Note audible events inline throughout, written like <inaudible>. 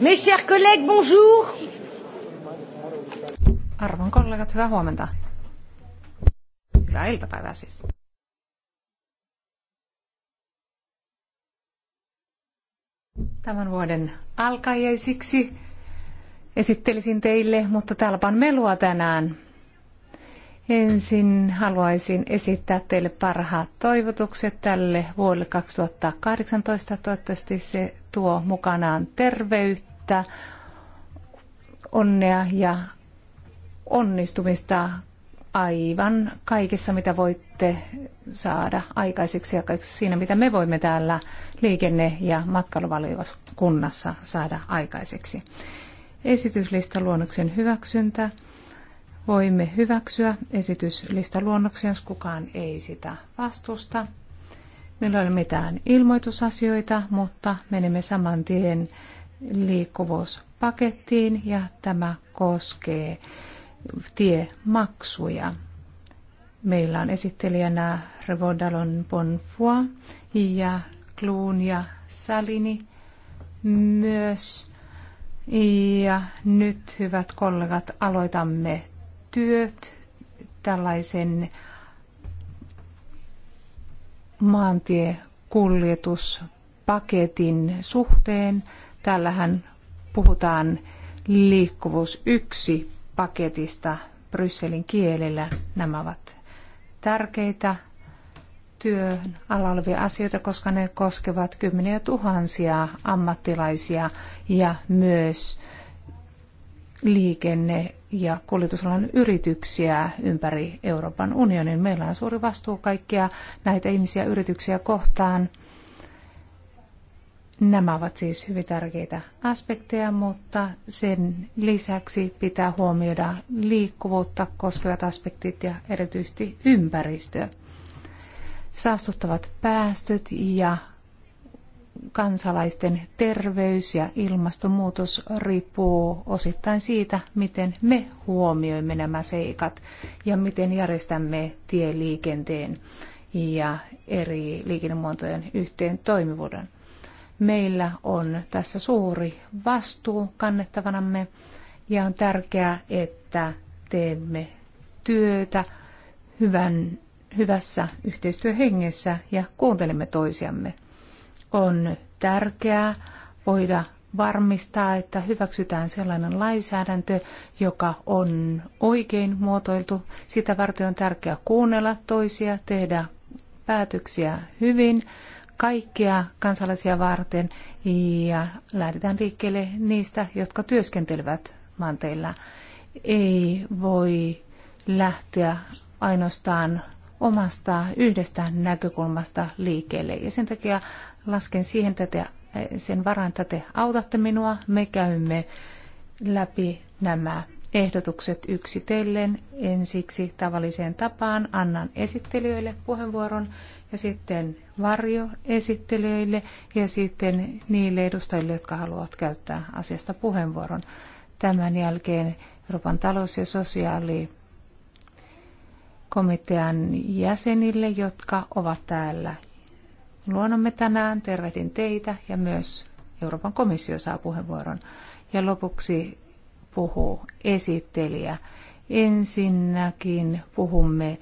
Mes chers collègues, bonjour. Arvon kollegat, hyvää huomenta. Hyvää iltapäivää siis. Tämän vuoden alkajaisiksi esittelisin teille, mutta täällä on melua tänään. Ensin haluaisin esittää teille parhaat toivotukset tälle vuodelle 2018. Toivottavasti se tuo mukanaan terveyttä sitä onnea ja onnistumista aivan kaikessa, mitä voitte saada aikaiseksi ja kaikessa siinä, mitä me voimme täällä liikenne- ja matkailuvaliokunnassa saada aikaiseksi. Esityslistaluonnoksen hyväksyntä. Voimme hyväksyä esityslistaluonnoksen, jos kukaan ei sitä vastusta. Meillä ei ole mitään ilmoitusasioita, mutta menemme saman tien liikkuvuuspakettiin ja tämä koskee tiemaksuja. Meillä on esittelijänä Revodalon Bonfua ja Kluun ja Salini myös. Ja nyt, hyvät kollegat, aloitamme työt tällaisen maantiekuljetuspaketin suhteen. Täällähän puhutaan liikkuvuus yksi paketista Brysselin kielellä. Nämä ovat tärkeitä työn alla olevia asioita, koska ne koskevat kymmeniä tuhansia ammattilaisia ja myös liikenne- ja kuljetusalan yrityksiä ympäri Euroopan unionin. Meillä on suuri vastuu kaikkia näitä ihmisiä yrityksiä kohtaan Nämä ovat siis hyvin tärkeitä aspekteja, mutta sen lisäksi pitää huomioida liikkuvuutta koskevat aspektit ja erityisesti ympäristö. Saastuttavat päästöt ja kansalaisten terveys ja ilmastonmuutos riippuu osittain siitä, miten me huomioimme nämä seikat ja miten järjestämme tieliikenteen ja eri liikennemuotojen yhteen toimivuuden meillä on tässä suuri vastuu kannettavanamme ja on tärkeää, että teemme työtä hyvän, hyvässä yhteistyöhengessä ja kuuntelemme toisiamme. On tärkeää voida varmistaa, että hyväksytään sellainen lainsäädäntö, joka on oikein muotoiltu. Sitä varten on tärkeää kuunnella toisia, tehdä päätöksiä hyvin, kaikkia kansalaisia varten ja lähdetään liikkeelle niistä, jotka työskentelevät maanteilla. Ei voi lähteä ainoastaan omasta yhdestä näkökulmasta liikkeelle. Ja sen takia lasken siihen tätä, sen varaan, että te autatte minua. Me käymme läpi nämä ehdotukset yksitellen. Ensiksi tavalliseen tapaan annan esittelijöille puheenvuoron ja sitten varjoesittelijöille ja sitten niille edustajille, jotka haluavat käyttää asiasta puheenvuoron. Tämän jälkeen Euroopan talous- ja sosiaalikomitean jäsenille, jotka ovat täällä luonnomme tänään. Tervehdin teitä ja myös Euroopan komissio saa puheenvuoron. Ja lopuksi puhuu esittelijä. Ensinnäkin puhumme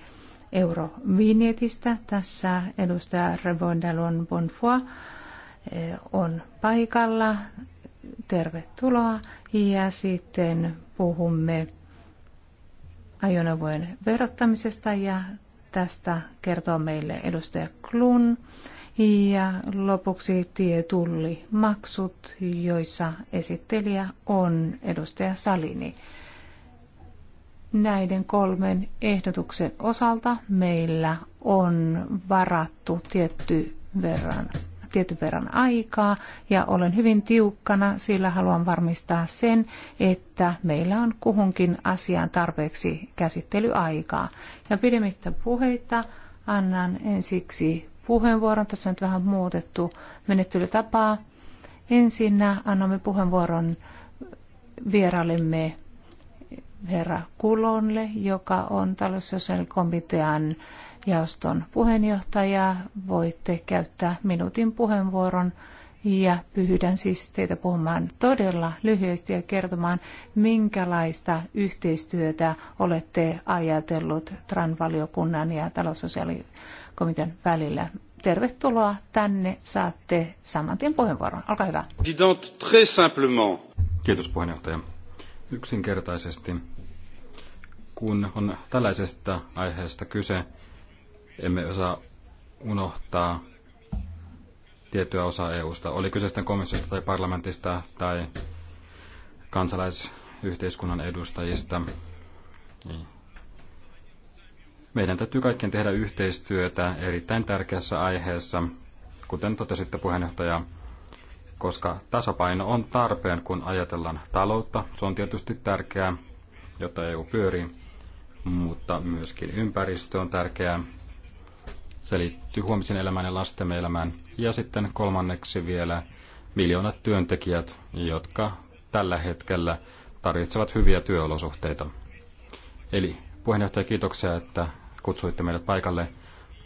eurovinjetistä. Tässä edustaja Revondalon Bonfoy eh, on paikalla. Tervetuloa. Ja sitten puhumme ajoneuvojen verottamisesta ja tästä kertoo meille edustaja Klun. Ja lopuksi maksut joissa esittelijä on edustaja Salini. Näiden kolmen ehdotuksen osalta meillä on varattu tietty verran tietty verran aikaa ja olen hyvin tiukkana, sillä haluan varmistaa sen, että meillä on kuhunkin asiaan tarpeeksi käsittelyaikaa. Ja pidemmittä puheita annan ensiksi puheenvuoron. Tässä on nyt vähän muutettu menettelytapaa. Ensin annamme puheenvuoron vieraillemme herra Kulonle, joka on taloussosiaalikomitean jaoston puheenjohtaja. Voitte käyttää minuutin puheenvuoron ja pyydän siis teitä puhumaan todella lyhyesti ja kertomaan, minkälaista yhteistyötä olette ajatellut TRAN-valiokunnan ja taloussosiaalikomitean komitean välillä. Tervetuloa tänne, saatte saman tien puheenvuoron. Olkaa hyvä. Kiitos puheenjohtaja. Yksinkertaisesti, kun on tällaisesta aiheesta kyse, emme osaa unohtaa tiettyä osaa EUsta. Oli kyse sitten komissiosta tai parlamentista tai kansalaisyhteiskunnan edustajista. Niin meidän täytyy kaikkien tehdä yhteistyötä erittäin tärkeässä aiheessa, kuten totesitte puheenjohtaja, koska tasapaino on tarpeen, kun ajatellaan taloutta. Se on tietysti tärkeää, jotta EU pyörii, mutta myöskin ympäristö on tärkeää. Se liittyy huomisen elämään ja lastemme elämään. Ja sitten kolmanneksi vielä miljoonat työntekijät, jotka tällä hetkellä tarvitsevat hyviä työolosuhteita. Eli puheenjohtaja, kiitoksia, että kutsuitte meidät paikalle.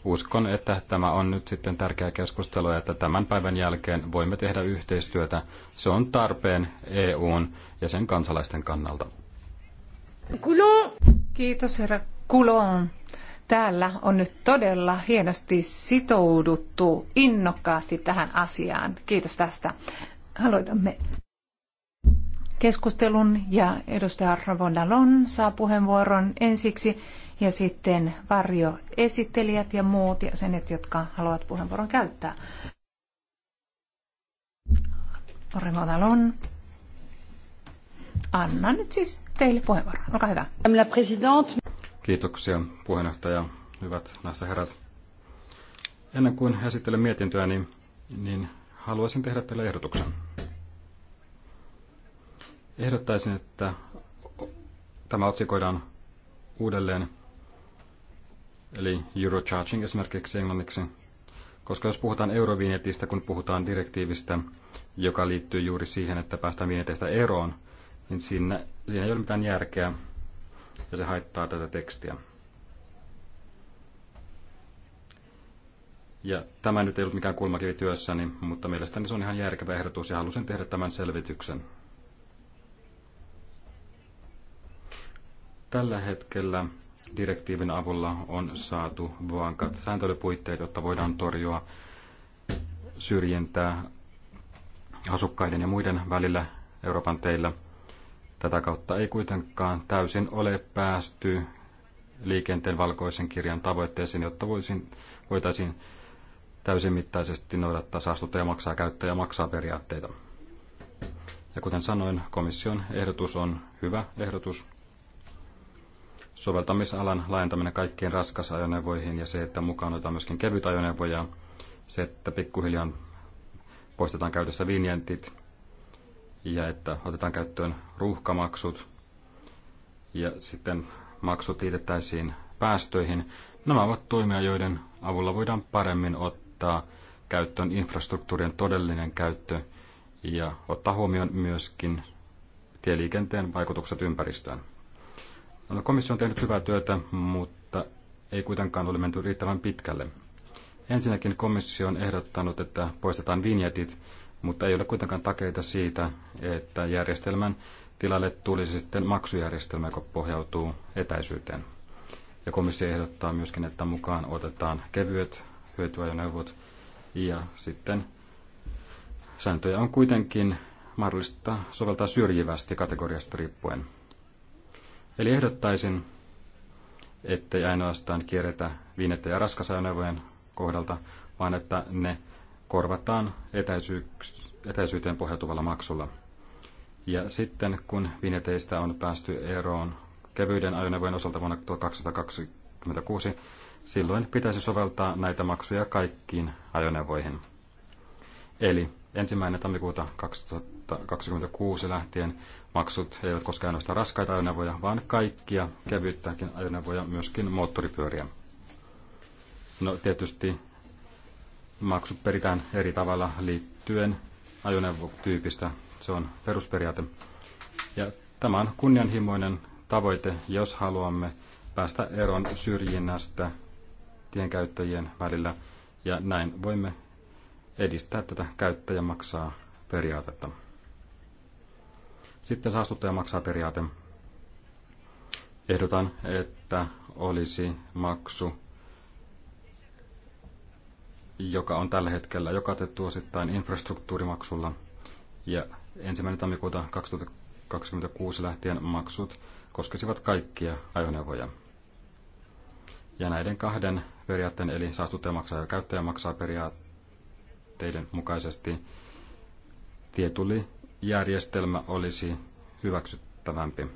Uskon, että tämä on nyt sitten tärkeä keskustelu ja että tämän päivän jälkeen voimme tehdä yhteistyötä. Se on tarpeen EUn ja sen kansalaisten kannalta. Kulon. Kiitos herra Kulon. Täällä on nyt todella hienosti sitouduttu innokkaasti tähän asiaan. Kiitos tästä. Aloitamme keskustelun ja edustaja Ravondalon saa puheenvuoron ensiksi ja sitten varjoesittelijät ja muut senet jotka haluavat puheenvuoron käyttää. Orimotalon. Anna nyt siis teille puheenvuoron. Olkaa hyvä. Kiitoksia puheenjohtaja. Hyvät näistä herrat. Ennen kuin esittelen mietintöä, niin, niin haluaisin tehdä teille ehdotuksen. Ehdottaisin, että tämä otsikoidaan uudelleen eli Eurocharging esimerkiksi englanniksi, koska jos puhutaan eurovinjetistä, kun puhutaan direktiivistä, joka liittyy juuri siihen, että päästään vinjeteistä eroon, niin siinä, siinä ei ole mitään järkeä ja se haittaa tätä tekstiä. Ja tämä nyt ei ollut mikään kulmakivi työssäni, mutta mielestäni se on ihan järkevä ehdotus ja halusin tehdä tämän selvityksen. Tällä hetkellä direktiivin avulla on saatu vankat sääntelypuitteet, jotta voidaan torjua syrjintää asukkaiden ja muiden välillä Euroopan teillä. Tätä kautta ei kuitenkaan täysin ole päästy liikenteen valkoisen kirjan tavoitteisiin, jotta voisin, voitaisiin mittaisesti noudattaa saastuttaja maksaa käyttäjä maksaa periaatteita. Ja kuten sanoin, komission ehdotus on hyvä ehdotus soveltamisalan laajentaminen kaikkiin raskasajoneuvoihin ja se, että mukaan otetaan myöskin kevytajoneuvoja, se, että pikkuhiljaa poistetaan käytössä vinjentit ja että otetaan käyttöön ruuhkamaksut ja sitten maksut liitettäisiin päästöihin. Nämä ovat toimia, joiden avulla voidaan paremmin ottaa käyttöön infrastruktuurien todellinen käyttö ja ottaa huomioon myöskin tieliikenteen vaikutukset ympäristöön. No, komissio on tehnyt hyvää työtä, mutta ei kuitenkaan ole menty riittävän pitkälle. Ensinnäkin komissio on ehdottanut, että poistetaan vinjetit, mutta ei ole kuitenkaan takeita siitä, että järjestelmän tilalle tulisi sitten maksujärjestelmä, joka pohjautuu etäisyyteen. Ja komissio ehdottaa myöskin, että mukaan otetaan kevyet hyötyajoneuvot ja sitten sääntöjä on kuitenkin mahdollista soveltaa syrjivästi kategoriasta riippuen. Eli ehdottaisin, ettei ainoastaan kierretä ja raskasajoneuvojen kohdalta, vaan että ne korvataan etäisyyteen pohjautuvalla maksulla. Ja sitten kun vineteistä on päästy eroon kevyiden ajoneuvojen osalta vuonna 2026, silloin pitäisi soveltaa näitä maksuja kaikkiin ajoneuvoihin. Eli ensimmäinen tammikuuta 2026 lähtien Maksut eivät koske ainoastaan raskaita ajoneuvoja, vaan kaikkia kevyttäkin ajoneuvoja, myöskin moottoripyöriä. No tietysti maksut peritään eri tavalla liittyen ajoneuvotyypistä. Se on perusperiaate. Ja tämä on kunnianhimoinen tavoite, jos haluamme päästä eron syrjinnästä tienkäyttäjien välillä. Ja näin voimme edistää tätä käyttäjä maksaa periaatetta. Sitten saastuttaja maksaa periaate. Ehdotan, että olisi maksu, joka on tällä hetkellä jo katettu osittain infrastruktuurimaksulla. Ja ensimmäinen tammikuuta 2026 lähtien maksut koskisivat kaikkia ajoneuvoja. Ja näiden kahden periaatteen, eli saastuttaja maksaa ja käyttäjä maksaa periaatteiden mukaisesti tietuli järjestelmä olisi hyväksyttävämpi.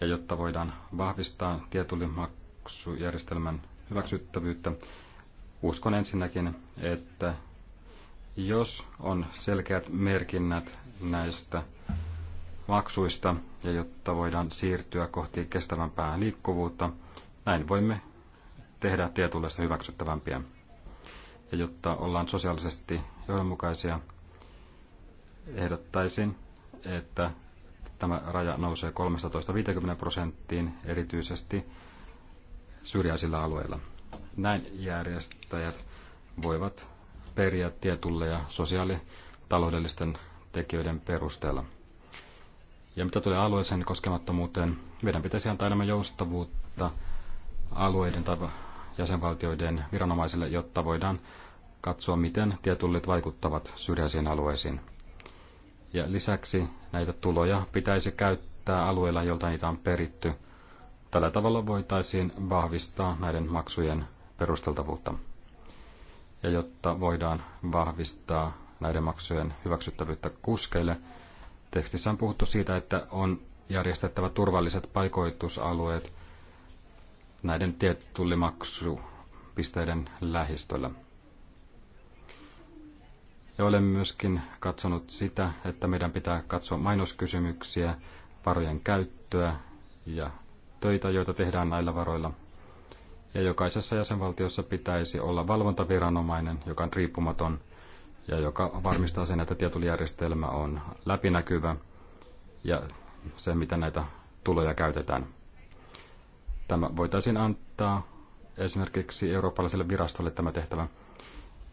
Ja jotta voidaan vahvistaa tietullimaksujärjestelmän hyväksyttävyyttä, uskon ensinnäkin, että jos on selkeät merkinnät näistä maksuista ja jotta voidaan siirtyä kohti kestävämpää liikkuvuutta, näin voimme tehdä tietullista hyväksyttävämpiä. Ja jotta ollaan sosiaalisesti johdonmukaisia, ehdottaisin, että tämä raja nousee 13-50 prosenttiin erityisesti syrjäisillä alueilla. Näin järjestäjät voivat periä ja sosiaalitaloudellisten tekijöiden perusteella. Ja mitä tulee alueeseen koskemattomuuteen, meidän pitäisi antaa enemmän joustavuutta alueiden tai jäsenvaltioiden viranomaisille, jotta voidaan katsoa, miten tietullit vaikuttavat syrjäisiin alueisiin. Ja lisäksi näitä tuloja pitäisi käyttää alueilla, jolta niitä on peritty. Tällä tavalla voitaisiin vahvistaa näiden maksujen perusteltavuutta. Ja jotta voidaan vahvistaa näiden maksujen hyväksyttävyyttä kuskeille, tekstissä on puhuttu siitä, että on järjestettävä turvalliset paikoitusalueet näiden tietullimaksupisteiden lähistöllä. Ja olen myöskin katsonut sitä, että meidän pitää katsoa mainoskysymyksiä, varojen käyttöä ja töitä, joita tehdään näillä varoilla. Ja jokaisessa jäsenvaltiossa pitäisi olla valvontaviranomainen, joka on riippumaton ja joka varmistaa sen, että tietulijärjestelmä on läpinäkyvä ja se, miten näitä tuloja käytetään. Tämä voitaisiin antaa esimerkiksi eurooppalaiselle virastolle tämä tehtävä.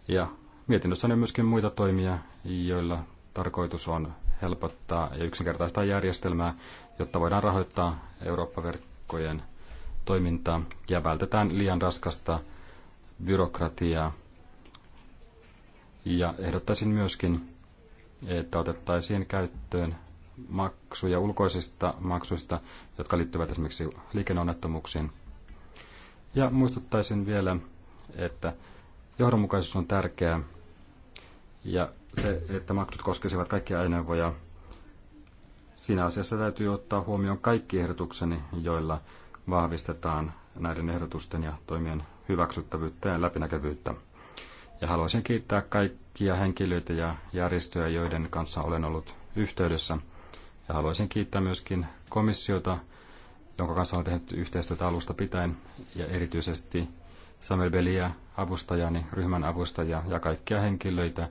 Ja Mietinnössä on myöskin muita toimia, joilla tarkoitus on helpottaa ja yksinkertaistaa järjestelmää, jotta voidaan rahoittaa Eurooppa-verkkojen toimintaa ja vältetään liian raskasta byrokratiaa. Ja ehdottaisin myöskin, että otettaisiin käyttöön maksuja ulkoisista maksuista, jotka liittyvät esimerkiksi liikenneonnettomuuksiin. Ja muistuttaisin vielä, että johdonmukaisuus on tärkeää ja se, että maksut koskisivat kaikkia ajoneuvoja, siinä asiassa täytyy ottaa huomioon kaikki ehdotukseni, joilla vahvistetaan näiden ehdotusten ja toimien hyväksyttävyyttä ja läpinäkyvyyttä. Ja haluaisin kiittää kaikkia henkilöitä ja järjestöjä, joiden kanssa olen ollut yhteydessä. Ja haluaisin kiittää myöskin komissiota, jonka kanssa olen tehnyt yhteistyötä alusta pitäen, ja erityisesti Samuel Belia, avustajani, ryhmän avustajia ja kaikkia henkilöitä,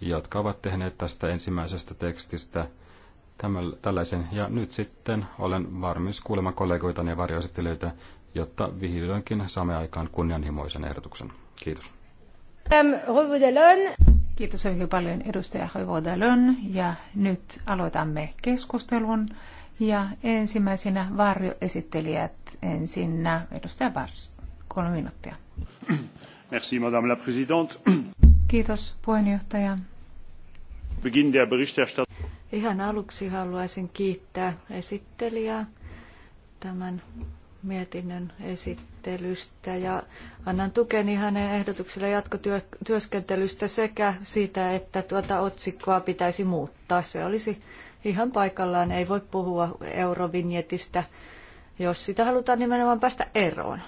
jotka ovat tehneet tästä ensimmäisestä tekstistä tämän, tällaisen. Ja nyt sitten olen varmis kuulemaan kollegoitani ja varjoesittelyitä, jotta vihdoinkin saamme aikaan kunnianhimoisen ehdotuksen. Kiitos. Kiitos oikein paljon edustaja Hoivodalön ja nyt aloitamme keskustelun. Ja ensimmäisenä varjoesittelijät ensinnä edustaja Vars. Kolme minuuttia. Merci, madame la présidente. Kiitos puheenjohtaja. Ihan aluksi haluaisin kiittää esittelijää tämän mietinnön esittelystä ja annan tukeni hänen ehdotukselle jatkotyöskentelystä sekä siitä, että tuota otsikkoa pitäisi muuttaa. Se olisi ihan paikallaan, ei voi puhua eurovinjetistä, jos sitä halutaan nimenomaan päästä eroon.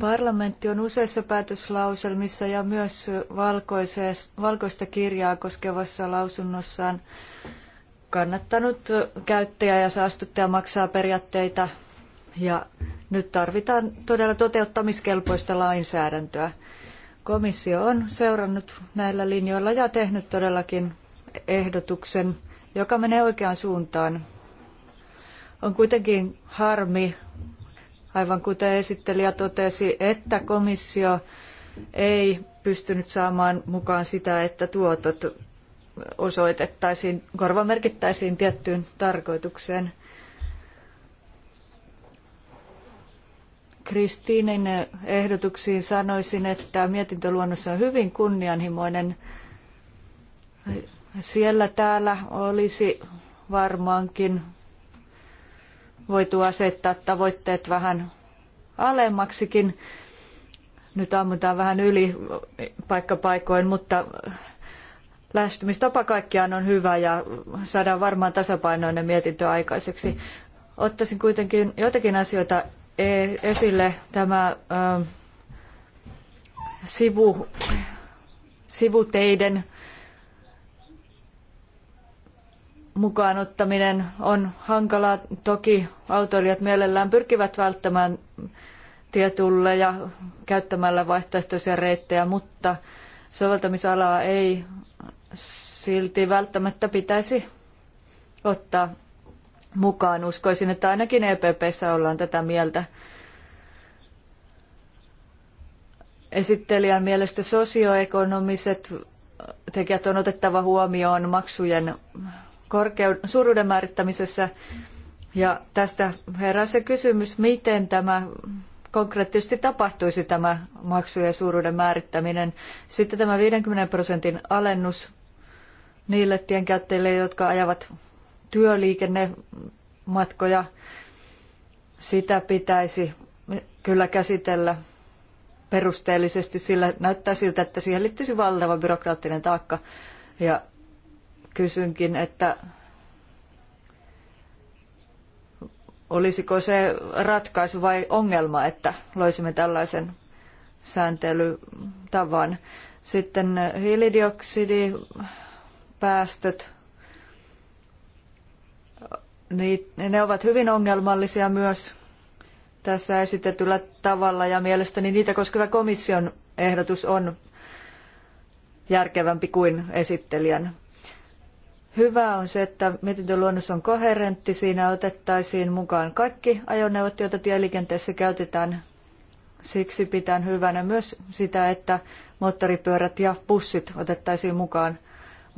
Parlamentti on useissa päätöslauselmissa ja myös valkoista kirjaa koskevassa lausunnossaan kannattanut käyttäjä ja saastuttaja maksaa periaatteita ja nyt tarvitaan todella toteuttamiskelpoista lainsäädäntöä. Komissio on seurannut näillä linjoilla ja tehnyt todellakin ehdotuksen, joka menee oikeaan suuntaan. On kuitenkin harmi, aivan kuten esittelijä totesi, että komissio ei pystynyt saamaan mukaan sitä, että tuotot osoitettaisiin, korvamerkittäisiin tiettyyn tarkoitukseen. Kristiinin ehdotuksiin sanoisin, että mietintöluonnos on hyvin kunnianhimoinen. Siellä täällä olisi varmaankin voitu asettaa tavoitteet vähän alemmaksikin. Nyt ammutaan vähän yli paikkapaikoin, mutta lähestymistapa kaikkiaan on hyvä ja saadaan varmaan tasapainoinen mietintö aikaiseksi. Ottaisin kuitenkin joitakin asioita e- esille. Tämä ähm, sivu, sivuteiden mukaan ottaminen on hankalaa toki autoilijat mielellään pyrkivät välttämään tietulle ja käyttämällä vaihtoehtoisia reittejä, mutta soveltamisalaa ei silti välttämättä pitäisi ottaa mukaan. Uskoisin, että ainakin EPPssä ollaan tätä mieltä. Esittelijän mielestä sosioekonomiset tekijät on otettava huomioon maksujen korkeuden suuruuden määrittämisessä. Mm ja tästä herää se kysymys, miten tämä konkreettisesti tapahtuisi tämä maksujen suuruuden määrittäminen. Sitten tämä 50 prosentin alennus niille tienkäyttäjille, jotka ajavat työliikennematkoja, sitä pitäisi kyllä käsitellä perusteellisesti, sillä näyttää siltä, että siihen liittyisi valtava byrokraattinen taakka. Ja kysynkin, että olisiko se ratkaisu vai ongelma, että loisimme tällaisen sääntelytavan. Sitten hiilidioksidipäästöt, ne ovat hyvin ongelmallisia myös tässä esitetyllä tavalla ja mielestäni niitä koskeva komission ehdotus on järkevämpi kuin esittelijän Hyvä on se, että mietintöluonnos on koherentti. Siinä otettaisiin mukaan kaikki ajoneuvot, joita tieliikenteessä käytetään. Siksi pitää hyvänä myös sitä, että moottoripyörät ja bussit otettaisiin mukaan,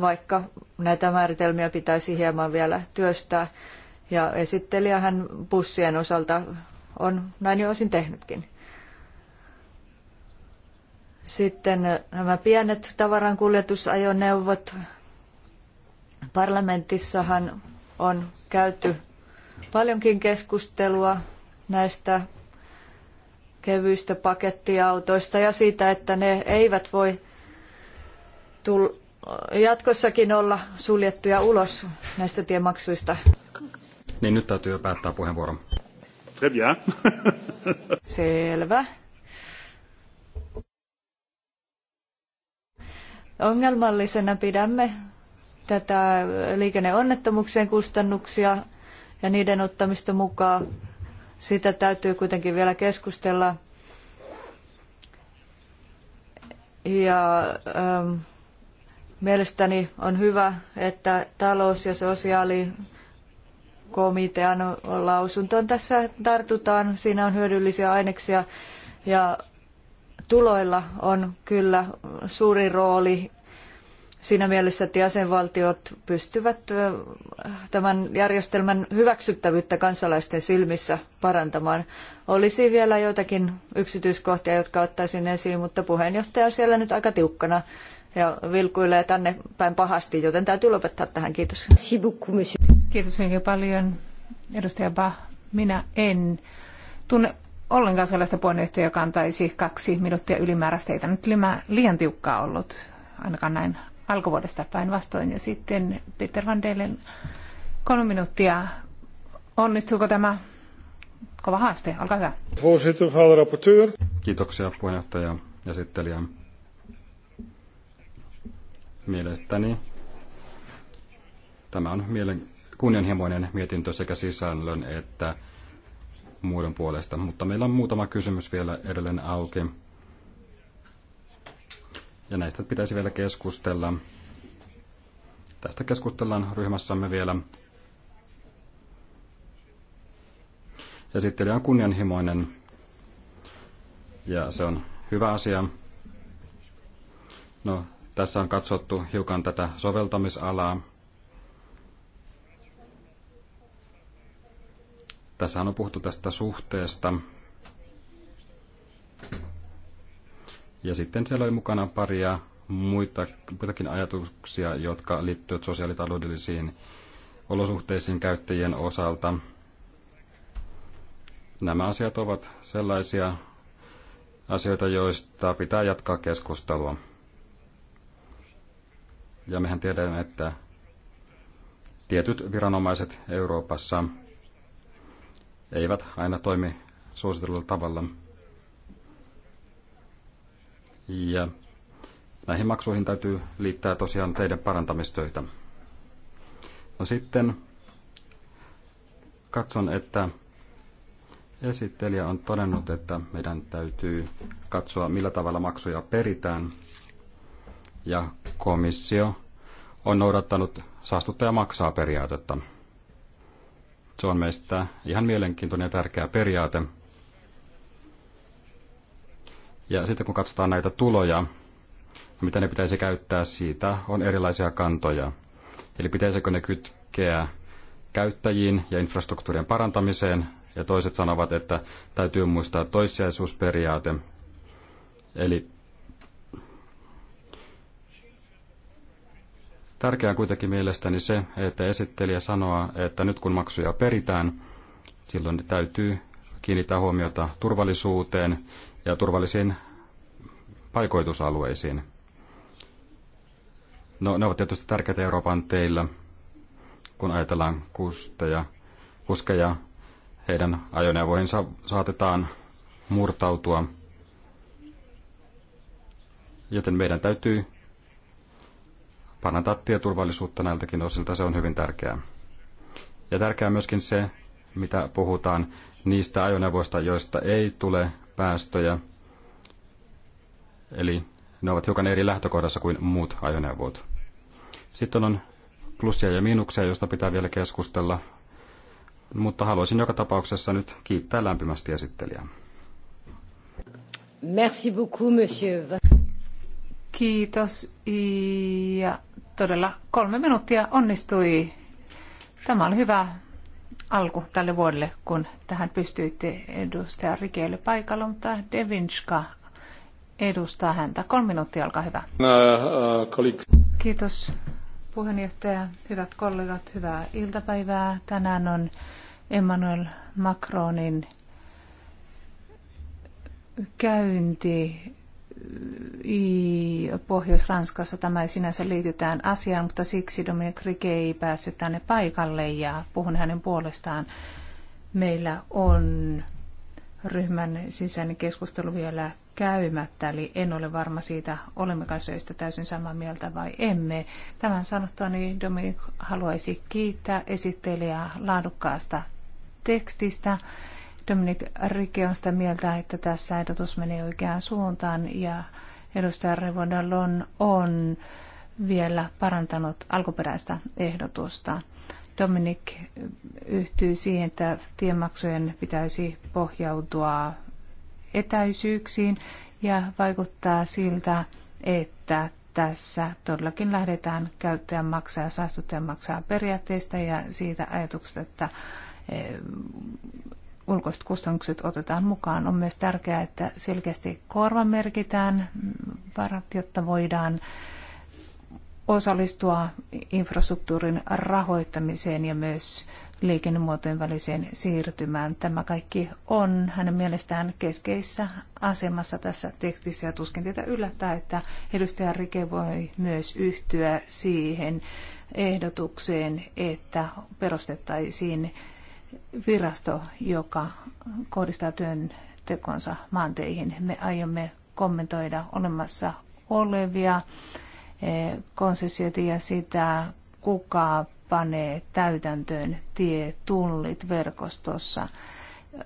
vaikka näitä määritelmiä pitäisi hieman vielä työstää. Ja esittelijähän bussien osalta on näin jo osin tehnytkin. Sitten nämä pienet tavarankuljetusajoneuvot, Parlamentissahan on käyty paljonkin keskustelua näistä kevyistä pakettiautoista ja siitä, että ne eivät voi jatkossakin olla suljettuja ulos näistä tiemaksuista. Niin nyt täytyy jo päättää puheenvuoron. <laughs> Selvä. Ongelmallisena pidämme tätä liikenneonnettomuuksien kustannuksia ja niiden ottamista mukaan. Sitä täytyy kuitenkin vielä keskustella. Ja ähm, mielestäni on hyvä, että talous- ja sosiaalikomitean lausuntoon tässä tartutaan. Siinä on hyödyllisiä aineksia ja tuloilla on kyllä suuri rooli siinä mielessä, että jäsenvaltiot pystyvät tämän järjestelmän hyväksyttävyyttä kansalaisten silmissä parantamaan. Olisi vielä joitakin yksityiskohtia, jotka ottaisin esiin, mutta puheenjohtaja on siellä nyt aika tiukkana ja vilkuilee tänne päin pahasti, joten täytyy lopettaa tähän. Kiitos. Kiitos oikein paljon. Edustaja Bah, minä en tunne ollenkaan sellaista puheenjohtajaa, joka antaisi kaksi minuuttia ylimääräistä. Ei tämä nyt liian tiukkaa ollut, ainakaan näin alkuvuodesta päinvastoin. Ja sitten Peter Van Delen kolme minuuttia. Onnistuuko tämä kova haaste? Olkaa hyvä. Kiitoksia puheenjohtaja ja esittelijä. Mielestäni tämä on mielen kunnianhimoinen mietintö sekä sisällön että muiden puolesta, mutta meillä on muutama kysymys vielä edelleen auki. Ja näistä pitäisi vielä keskustella. Tästä keskustellaan ryhmässämme vielä. Esittelijä on kunnianhimoinen ja se on hyvä asia. No, tässä on katsottu hiukan tätä soveltamisalaa. Tässä on puhuttu tästä suhteesta Ja sitten siellä oli mukana paria muita, muitakin ajatuksia, jotka liittyvät sosiaalitaloudellisiin olosuhteisiin käyttäjien osalta. Nämä asiat ovat sellaisia asioita, joista pitää jatkaa keskustelua. Ja mehän tiedämme, että tietyt viranomaiset Euroopassa eivät aina toimi suositellulla tavalla. Ja näihin maksuihin täytyy liittää tosiaan teidän parantamistöitä. No sitten katson, että esittelijä on todennut, että meidän täytyy katsoa, millä tavalla maksuja peritään. Ja komissio on noudattanut saastuttaja maksaa periaatetta. Se on meistä ihan mielenkiintoinen ja tärkeä periaate. Ja sitten kun katsotaan näitä tuloja, niin mitä ne pitäisi käyttää, siitä on erilaisia kantoja. Eli pitäisikö ne kytkeä käyttäjiin ja infrastruktuurien parantamiseen, ja toiset sanovat, että täytyy muistaa toissijaisuusperiaate. Eli tärkeää kuitenkin mielestäni se, että esittelijä sanoo, että nyt kun maksuja peritään, silloin ne täytyy kiinnittää huomiota turvallisuuteen ja turvallisiin paikoitusalueisiin. No, ne ovat tietysti tärkeitä Euroopan teillä, kun ajatellaan kusteja, kuskeja. Heidän ajoneuvoihinsa saatetaan murtautua. Joten meidän täytyy parantaa tieturvallisuutta näiltäkin osilta, se on hyvin tärkeää. Ja tärkeää myöskin se, mitä puhutaan niistä ajoneuvoista, joista ei tule päästöjä. Eli ne ovat hiukan eri lähtökohdassa kuin muut ajoneuvot. Sitten on plussia ja miinuksia, joista pitää vielä keskustella, mutta haluaisin joka tapauksessa nyt kiittää lämpimästi esittelijää. Merci beaucoup, monsieur. Kiitos. Ja todella kolme minuuttia onnistui. Tämä oli hyvä alku tälle vuodelle, kun tähän pystyitte edustaja Rikeille paikalla, mutta Devinska edustaa häntä. Kolme minuuttia, olkaa hyvä. Äh, äh, Kiitos puheenjohtaja, hyvät kollegat, hyvää iltapäivää. Tänään on Emmanuel Macronin käynti Pohjois-Ranskassa tämä ei sinänsä liitytään asiaan, mutta siksi Dominic Rike ei päässyt tänne paikalle ja puhun hänen puolestaan. Meillä on ryhmän sisäinen keskustelu vielä käymättä, eli en ole varma siitä, olemmeko asioista täysin samaa mieltä vai emme. Tämän sanottua niin Dominic haluaisi kiittää esittelijää laadukkaasta tekstistä Dominic Rike on sitä mieltä, että tässä ehdotus meni oikeaan suuntaan ja edustaja Revondalon on vielä parantanut alkuperäistä ehdotusta. Dominic yhtyy siihen, että tiemaksujen pitäisi pohjautua etäisyyksiin ja vaikuttaa siltä, että tässä todellakin lähdetään käyttäjän maksaa ja saastuttajan maksaa periaatteista ja siitä ajatuksesta, että eh, ulkoiset kustannukset otetaan mukaan. On myös tärkeää, että selkeästi korva varat, jotta voidaan osallistua infrastruktuurin rahoittamiseen ja myös liikennemuotojen väliseen siirtymään. Tämä kaikki on hänen mielestään keskeisessä asemassa tässä tekstissä ja tuskin tietä yllättää, että edustaja Rike voi myös yhtyä siihen ehdotukseen, että perustettaisiin virasto, joka kohdistaa työntekonsa maanteihin. Me aiomme kommentoida olemassa olevia eh, konsessioita ja sitä, kuka panee täytäntöön tietullit verkostossa.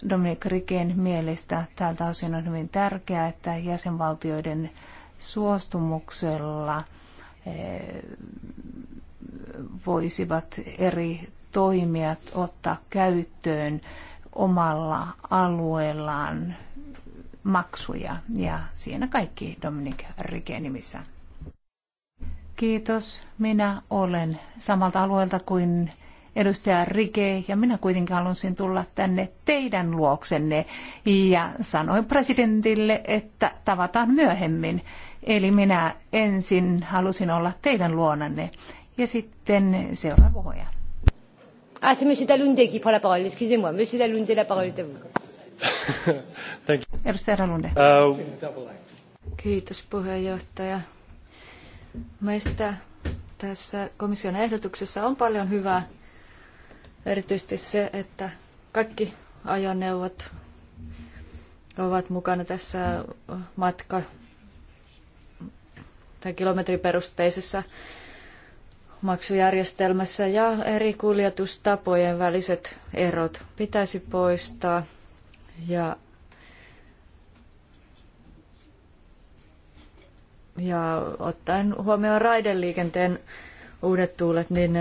Dominik Riken mielestä tältä osin on hyvin tärkeää, että jäsenvaltioiden suostumuksella eh, voisivat eri toimijat ottaa käyttöön omalla alueellaan maksuja. Ja siinä kaikki Dominik Rike nimissä. Kiitos. Minä olen samalta alueelta kuin edustaja Rike ja minä kuitenkin halusin tulla tänne teidän luoksenne ja sanoin presidentille, että tavataan myöhemmin. Eli minä ensin halusin olla teidän luonanne ja sitten seuraava puhuja. Ah, c'est Monsieur Dalunde qui prend la parole. Excusez-moi, Monsieur Dalunde, la parole est à vous. <laughs> Uh, Kiitos puheenjohtaja. Meistä tässä komission ehdotuksessa on paljon hyvää. Erityisesti se, että kaikki ajoneuvot ovat mukana tässä matka- tai kilometriperusteisessa maksujärjestelmässä ja eri kuljetustapojen väliset erot pitäisi poistaa. Ja, ja ottaen huomioon raideliikenteen uudet tuulet, niin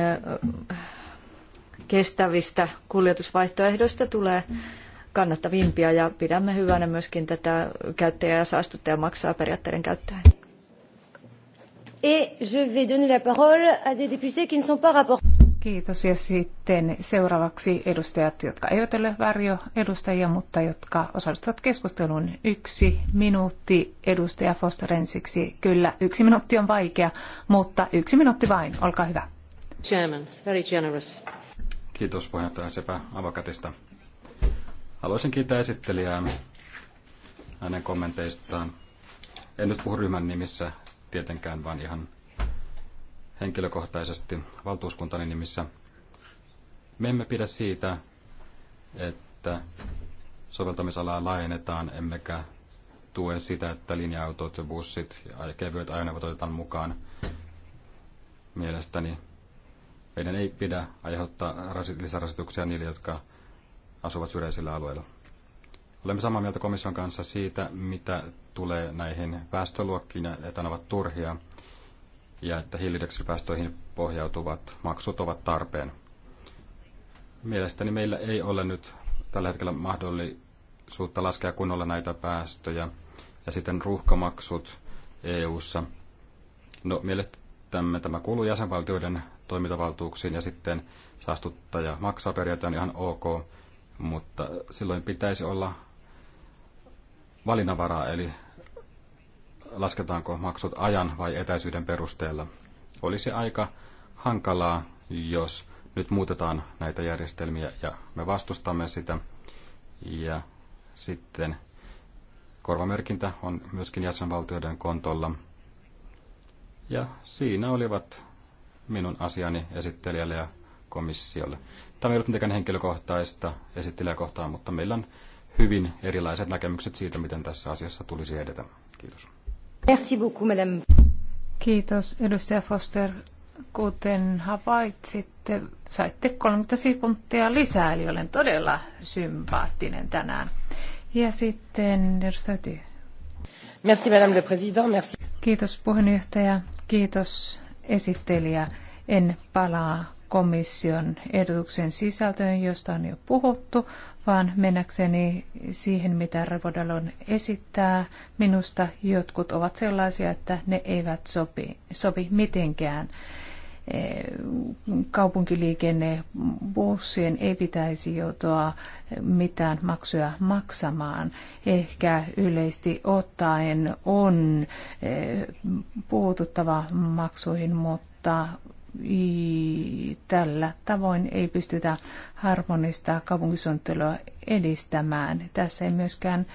kestävistä kuljetusvaihtoehdoista tulee kannattavimpia ja pidämme hyvänä myöskin tätä käyttäjä ja saastuttaja maksaa periaatteiden käyttöä. Et je vais donner la parole à des députés qui ne sont pas Kiitos. Ja sitten seuraavaksi edustajat, jotka eivät ole varjoedustajia, mutta jotka osallistuvat keskusteluun. Yksi minuutti edustaja Foster ensiksi. Kyllä, yksi minuutti on vaikea, mutta yksi minuutti vain. Olkaa hyvä. Chairman, very generous. Kiitos puheenjohtaja Sepä Avokatista. Haluaisin kiittää esittelijää hänen kommenteistaan. En nyt puhu ryhmän nimissä, tietenkään, vaan ihan henkilökohtaisesti valtuuskuntani nimissä. Me emme pidä siitä, että soveltamisalaa laajennetaan, emmekä tue sitä, että linja-autot, bussit ja kevyet ajoneuvot otetaan mukaan. Mielestäni meidän ei pidä aiheuttaa lisärasituksia niille, jotka asuvat syrjäisillä alueilla. Olemme samaa mieltä komission kanssa siitä, mitä tulee näihin päästöluokkiin ja että ne ovat turhia ja että hiilidioksidipäästöihin pohjautuvat maksut ovat tarpeen. Mielestäni meillä ei ole nyt tällä hetkellä mahdollisuutta laskea kunnolla näitä päästöjä ja sitten ruuhkamaksut EU-ssa. No, mielestämme tämä kuuluu jäsenvaltioiden toimintavaltuuksiin ja sitten saastuttaja maksaa periaate on ihan ok, mutta silloin pitäisi olla valinnanvaraa, eli lasketaanko maksut ajan vai etäisyyden perusteella. Olisi aika hankalaa, jos nyt muutetaan näitä järjestelmiä ja me vastustamme sitä. Ja sitten korvamerkintä on myöskin jäsenvaltioiden kontolla. Ja siinä olivat minun asiani esittelijälle ja komissiolle. Tämä ei ollut mitenkään henkilökohtaista esittelijäkohtaa, mutta meillä on hyvin erilaiset näkemykset siitä, miten tässä asiassa tulisi edetä. Kiitos. Merci beaucoup, madame. Kiitos, edustaja Foster. Kuten havaitsitte, saitte 30 sekuntia lisää, eli olen todella sympaattinen tänään. Ja sitten edustaja Tyy. Merci, madame le président. Merci. Kiitos puheenjohtaja, kiitos esittelijä. En palaa komission ehdotuksen sisältöön, josta on jo puhuttu vaan mennäkseni siihen, mitä Revodalon esittää, minusta jotkut ovat sellaisia, että ne eivät sopi, sovi mitenkään. Eh, kaupunkiliikenne bussien ei pitäisi joutua mitään maksuja maksamaan. Ehkä yleisesti ottaen on eh, puututtava maksuihin, mutta tällä tavoin ei pystytä harmonista kaupunkisuunnittelua edistämään. Tässä ei myöskään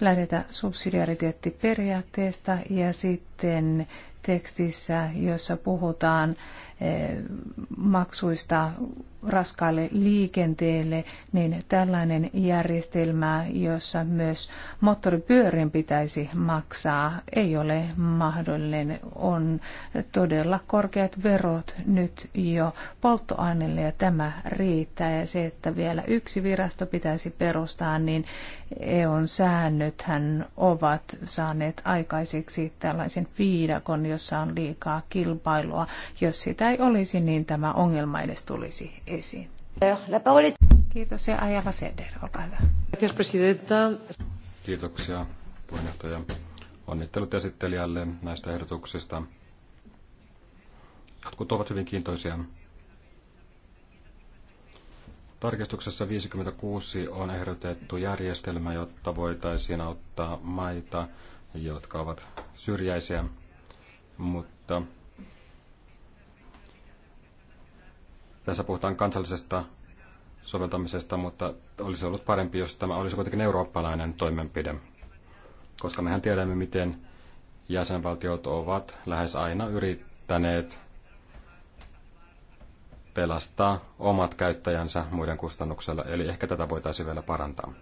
lähdetä subsidiariteettiperiaatteesta ja sitten tekstissä, jossa puhutaan Eh, maksuista raskaalle liikenteelle, niin tällainen järjestelmä, jossa myös moottoripyörien pitäisi maksaa, ei ole mahdollinen. On todella korkeat verot nyt jo polttoaineelle ja tämä riittää. Ja se, että vielä yksi virasto pitäisi perustaa, niin EUn säännöthän ovat saaneet aikaiseksi tällaisen viidakon, jossa on liikaa kilpailua. Jos sitä ei olisi, niin tämä ongelma edes tulisi esiin. Kiitos ja Ajala Seder, olkaa hyvä. Kiitoksia puheenjohtaja. Onnittelut esittelijälle näistä ehdotuksista. Jotkut ovat hyvin kiintoisia. Tarkistuksessa 56 on ehdotettu järjestelmä, jotta voitaisiin auttaa maita, jotka ovat syrjäisiä, mutta Tässä puhutaan kansallisesta soveltamisesta, mutta olisi ollut parempi, jos tämä olisi kuitenkin eurooppalainen toimenpide, koska mehän tiedämme, miten jäsenvaltiot ovat lähes aina yrittäneet pelastaa omat käyttäjänsä muiden kustannuksella, eli ehkä tätä voitaisiin vielä parantaa.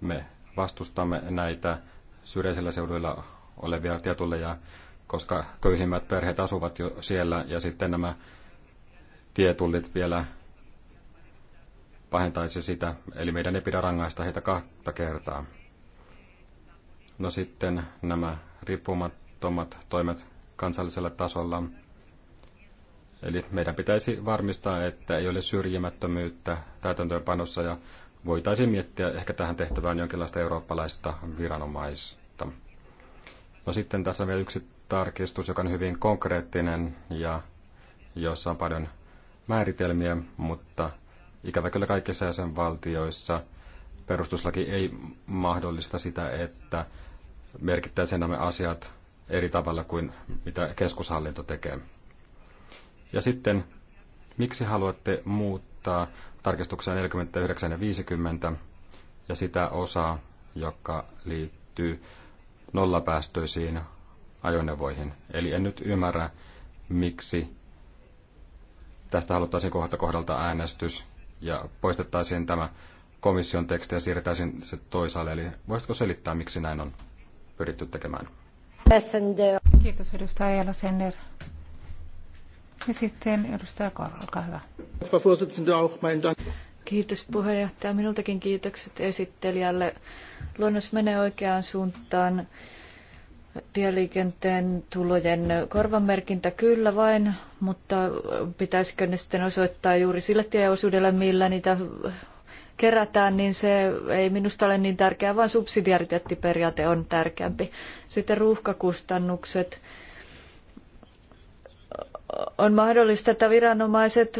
Me vastustamme näitä syrjäisillä seuduilla olevia tietulleja, koska köyhimmät perheet asuvat jo siellä ja sitten nämä tietullit vielä pahentaisi sitä, eli meidän ei pidä rangaista heitä kahta kertaa. No sitten nämä riippumattomat toimet kansallisella tasolla. Eli meidän pitäisi varmistaa, että ei ole syrjimättömyyttä täytäntöönpanossa ja voitaisiin miettiä ehkä tähän tehtävään jonkinlaista eurooppalaista viranomaista. No sitten tässä on vielä yksi tarkistus, joka on hyvin konkreettinen ja jossa on paljon määritelmiä, mutta ikävä kyllä kaikissa jäsenvaltioissa perustuslaki ei mahdollista sitä, että merkittäisiin nämä asiat eri tavalla kuin mitä keskushallinto tekee. Ja sitten, miksi haluatte muuttaa tarkistuksia 49 ja 50 ja sitä osaa, joka liittyy nollapäästöisiin ajoneuvoihin? Eli en nyt ymmärrä, miksi Tästä haluttaisiin kohta kohdalta äänestys ja poistettaisiin tämä komission teksti ja siirretäisiin se toisaalle. Eli voisitko selittää, miksi näin on pyritty tekemään? Kiitos edustaja Eela Senner. Ja sitten edustaja Karl, olkaa hyvä. Kiitos puheenjohtaja. Minultakin kiitokset esittelijälle. Luonnos menee oikeaan suuntaan. Tieliikenteen tulojen korvamerkintä kyllä vain mutta pitäisikö ne sitten osoittaa juuri sille tieosuudelle, millä niitä kerätään, niin se ei minusta ole niin tärkeää, vaan subsidiariteettiperiaate on tärkeämpi. Sitten ruuhkakustannukset. On mahdollista, että viranomaiset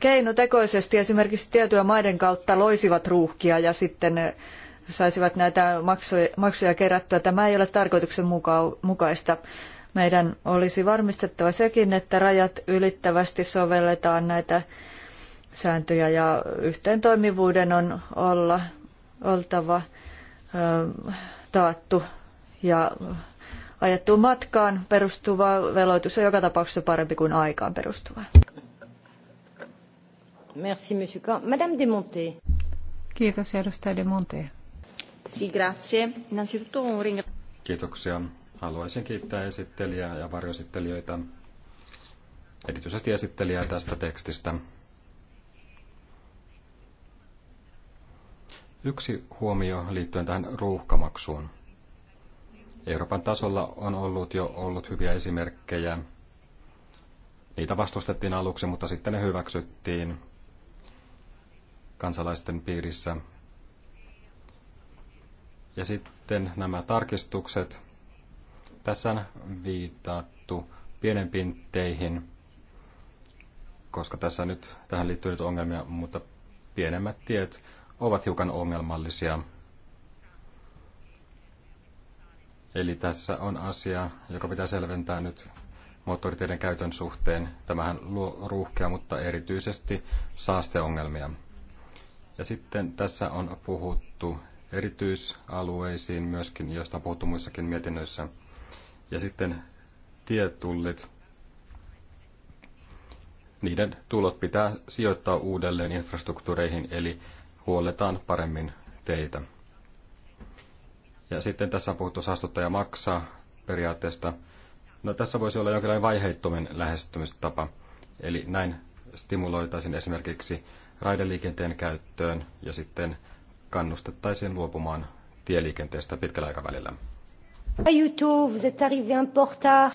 keinotekoisesti esimerkiksi tiettyjä maiden kautta loisivat ruuhkia ja sitten saisivat näitä maksuja, maksuja kerättyä. Tämä ei ole tarkoituksenmukaista. mukaista meidän olisi varmistettava sekin, että rajat ylittävästi sovelletaan näitä sääntöjä ja yhteen toimivuuden on olla, oltava ö, taattu ja ajettuun matkaan perustuva veloitus on joka tapauksessa parempi kuin aikaan perustuva. Merci, monsieur Kahn. Madame de Monte. Kiitos, edustaja de Monte. Si, grazie. Innanzitutto un ringra... Kiitoksia. Haluaisin kiittää esittelijää ja varjoesittelijöitä, erityisesti esittelijää tästä tekstistä. Yksi huomio liittyen tähän ruuhkamaksuun. Euroopan tasolla on ollut jo ollut hyviä esimerkkejä. Niitä vastustettiin aluksi, mutta sitten ne hyväksyttiin kansalaisten piirissä. Ja sitten nämä tarkistukset, tässä on viitattu pienempiin pintteihin, koska tässä nyt, tähän liittyy nyt ongelmia, mutta pienemmät tiet ovat hiukan ongelmallisia. Eli tässä on asia, joka pitää selventää nyt moottoriteiden käytön suhteen. Tämähän luo ruuhkea, mutta erityisesti saasteongelmia. Ja sitten tässä on puhuttu erityisalueisiin myöskin, joista on puhuttu muissakin mietinnöissä – ja sitten tietullit, niiden tulot pitää sijoittaa uudelleen infrastruktuureihin, eli huolletaan paremmin teitä. Ja sitten tässä on puhuttu saastuttaja maksaa periaatteesta. No, tässä voisi olla jonkinlainen vaiheittomin lähestymistapa. Eli näin stimuloitaisiin esimerkiksi raideliikenteen käyttöön ja sitten kannustettaisiin luopumaan tieliikenteestä pitkällä aikavälillä. Ajuto, vous êtes arrivé un portard.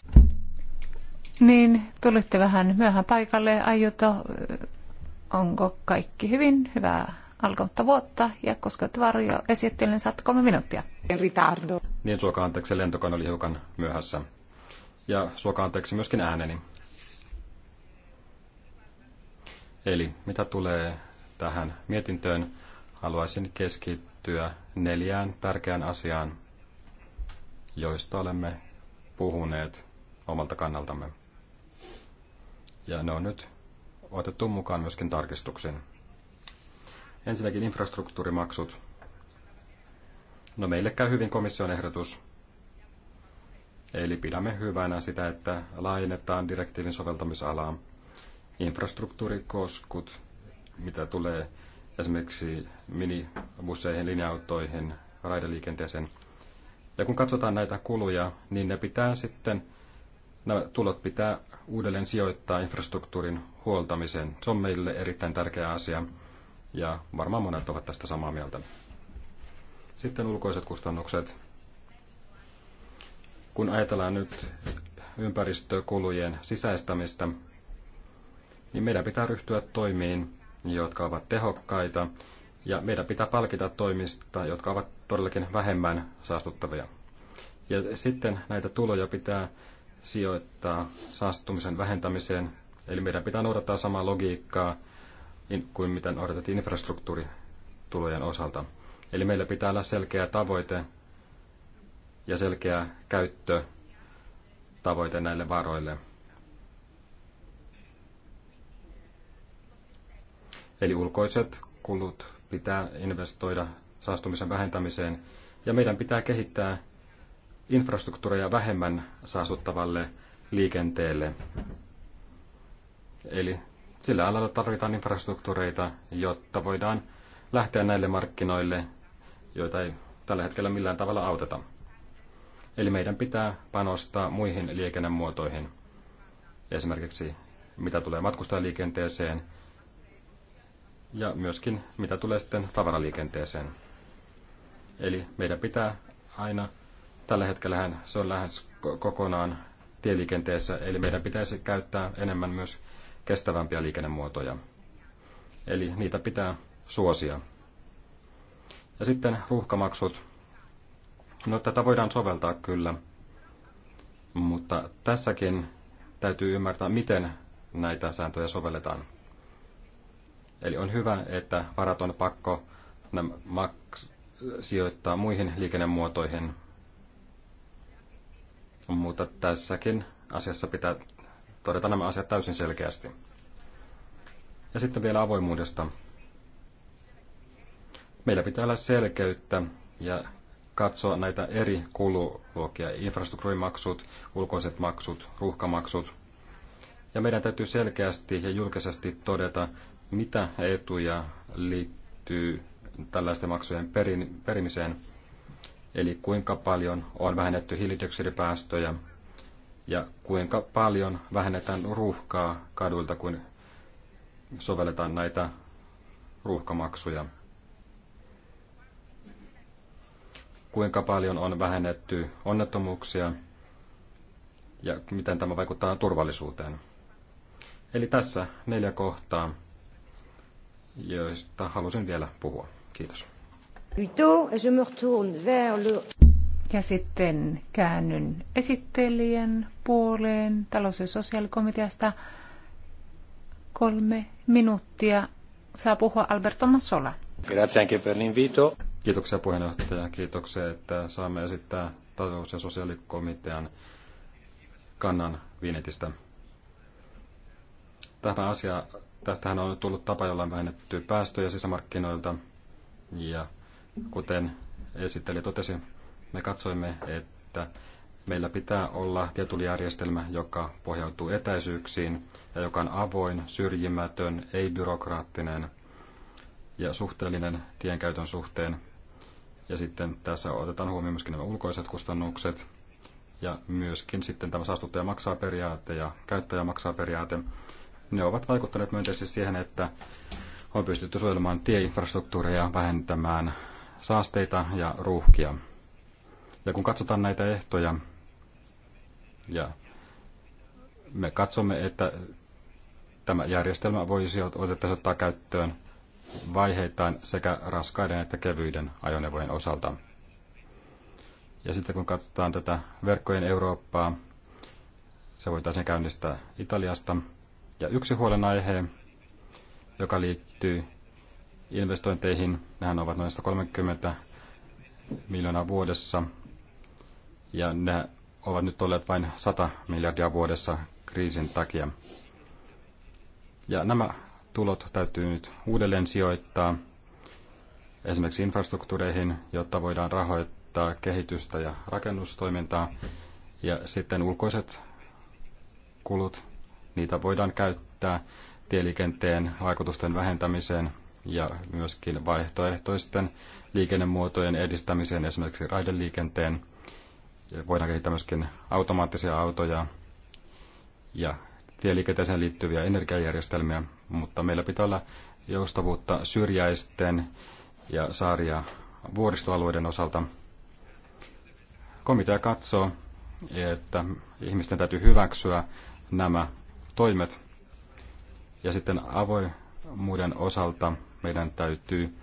Niin, tulitte vähän myöhään paikalle. Ajuto. onko kaikki hyvin? Hyvää alkautta vuotta. Ja koska varjo, esittelen, niin saat kolme minuuttia. Ritardo. Niin, suokaa anteeksi, lentokone oli hiukan myöhässä. Ja suokaa anteeksi myöskin ääneni. Eli mitä tulee tähän mietintöön, haluaisin keskittyä neljään tärkeään asiaan joista olemme puhuneet omalta kannaltamme. Ja ne on nyt otettu mukaan myöskin tarkistuksen. Ensinnäkin infrastruktuurimaksut. No meille käy hyvin komission ehdotus. Eli pidämme hyvänä sitä, että laajennetaan direktiivin soveltamisalaa. Infrastruktuurikoskut, mitä tulee esimerkiksi minibusseihin, linja-autoihin, raideliikenteeseen – ja kun katsotaan näitä kuluja, niin ne pitää sitten, nämä tulot pitää uudelleen sijoittaa infrastruktuurin huoltamiseen. Se on meille erittäin tärkeä asia ja varmaan monet ovat tästä samaa mieltä. Sitten ulkoiset kustannukset. Kun ajatellaan nyt ympäristökulujen sisäistämistä, niin meidän pitää ryhtyä toimiin, jotka ovat tehokkaita ja meidän pitää palkita toimista, jotka ovat todellakin vähemmän saastuttavia. Ja sitten näitä tuloja pitää sijoittaa saastumisen vähentämiseen. Eli meidän pitää noudattaa samaa logiikkaa kuin mitä noudatettiin infrastruktuuritulojen osalta. Eli meillä pitää olla selkeä tavoite ja selkeä käyttö tavoite näille varoille. Eli ulkoiset kulut pitää investoida saastumisen vähentämiseen ja meidän pitää kehittää infrastruktuureja vähemmän saastuttavalle liikenteelle. Eli sillä alalla tarvitaan infrastruktuureita, jotta voidaan lähteä näille markkinoille, joita ei tällä hetkellä millään tavalla auteta. Eli meidän pitää panostaa muihin liikennemuotoihin, esimerkiksi mitä tulee matkustajaliikenteeseen – ja myöskin mitä tulee sitten tavaraliikenteeseen. Eli meidän pitää aina, tällä hetkellä se on lähes kokonaan tieliikenteessä, eli meidän pitäisi käyttää enemmän myös kestävämpiä liikennemuotoja. Eli niitä pitää suosia. Ja sitten ruuhkamaksut. No tätä voidaan soveltaa kyllä, mutta tässäkin täytyy ymmärtää, miten näitä sääntöjä sovelletaan. Eli on hyvä, että varat on pakko maks- sijoittaa muihin liikennemuotoihin, mutta tässäkin asiassa pitää todeta nämä asiat täysin selkeästi. Ja sitten vielä avoimuudesta. Meillä pitää olla selkeyttä ja katsoa näitä eri kululuokia, infrastruktuurimaksut, ulkoiset maksut, ruuhkamaksut. Ja meidän täytyy selkeästi ja julkisesti todeta, mitä etuja liittyy tällaisten maksujen perin, perimiseen, eli kuinka paljon on vähennetty hiilidioksidipäästöjä ja kuinka paljon vähennetään ruuhkaa kaduilta, kun sovelletaan näitä ruuhkamaksuja. Kuinka paljon on vähennetty onnettomuuksia ja miten tämä vaikuttaa turvallisuuteen. Eli tässä neljä kohtaa, joista halusin vielä puhua. Kiitos. Ja sitten käännyn esittelijän puoleen talous- ja sosiaalikomiteasta. Kolme minuuttia saa puhua Alberto Massola. Grazie anche per l'invito. Kiitoksia puheenjohtaja. Kiitoksia, että saamme esittää talous- ja sosiaalikomitean kannan Viinetistä. Tämä asia Tästähän on tullut tapa, jolla on vähennetty päästöjä sisämarkkinoilta. Ja kuten esitteli totesi, me katsoimme, että meillä pitää olla tietulijärjestelmä, joka pohjautuu etäisyyksiin ja joka on avoin, syrjimätön, ei-byrokraattinen ja suhteellinen tienkäytön suhteen. Ja sitten tässä otetaan huomioon myöskin nämä ulkoiset kustannukset ja myöskin sitten tämä saastuttaja maksaa periaate ja käyttäjä maksaa periaate. Ne ovat vaikuttaneet myönteisesti siihen, että on pystytty suojelemaan tieinfrastruktuuria, vähentämään saasteita ja ruuhkia. Ja kun katsotaan näitä ehtoja, ja me katsomme, että tämä järjestelmä voisi otettaisiin ottaa käyttöön vaiheittain sekä raskaiden että kevyiden ajoneuvojen osalta. Ja sitten kun katsotaan tätä verkkojen Eurooppaa, se voitaisiin käynnistää Italiasta – ja yksi huolenaihe, joka liittyy investointeihin, nehän ovat noin 130 miljoonaa vuodessa, ja ne ovat nyt olleet vain 100 miljardia vuodessa kriisin takia. Ja nämä tulot täytyy nyt uudelleen sijoittaa esimerkiksi infrastruktuureihin, jotta voidaan rahoittaa kehitystä ja rakennustoimintaa. Ja sitten ulkoiset kulut, Niitä voidaan käyttää tieliikenteen vaikutusten vähentämiseen ja myöskin vaihtoehtoisten liikennemuotojen edistämiseen, esimerkiksi raideliikenteen. Voidaan kehittää myöskin automaattisia autoja ja tieliikenteeseen liittyviä energiajärjestelmiä, mutta meillä pitää olla joustavuutta syrjäisten ja saaria vuoristoalueiden osalta. Komitea katsoo, että ihmisten täytyy hyväksyä nämä toimet. Ja sitten avoimuuden osalta meidän täytyy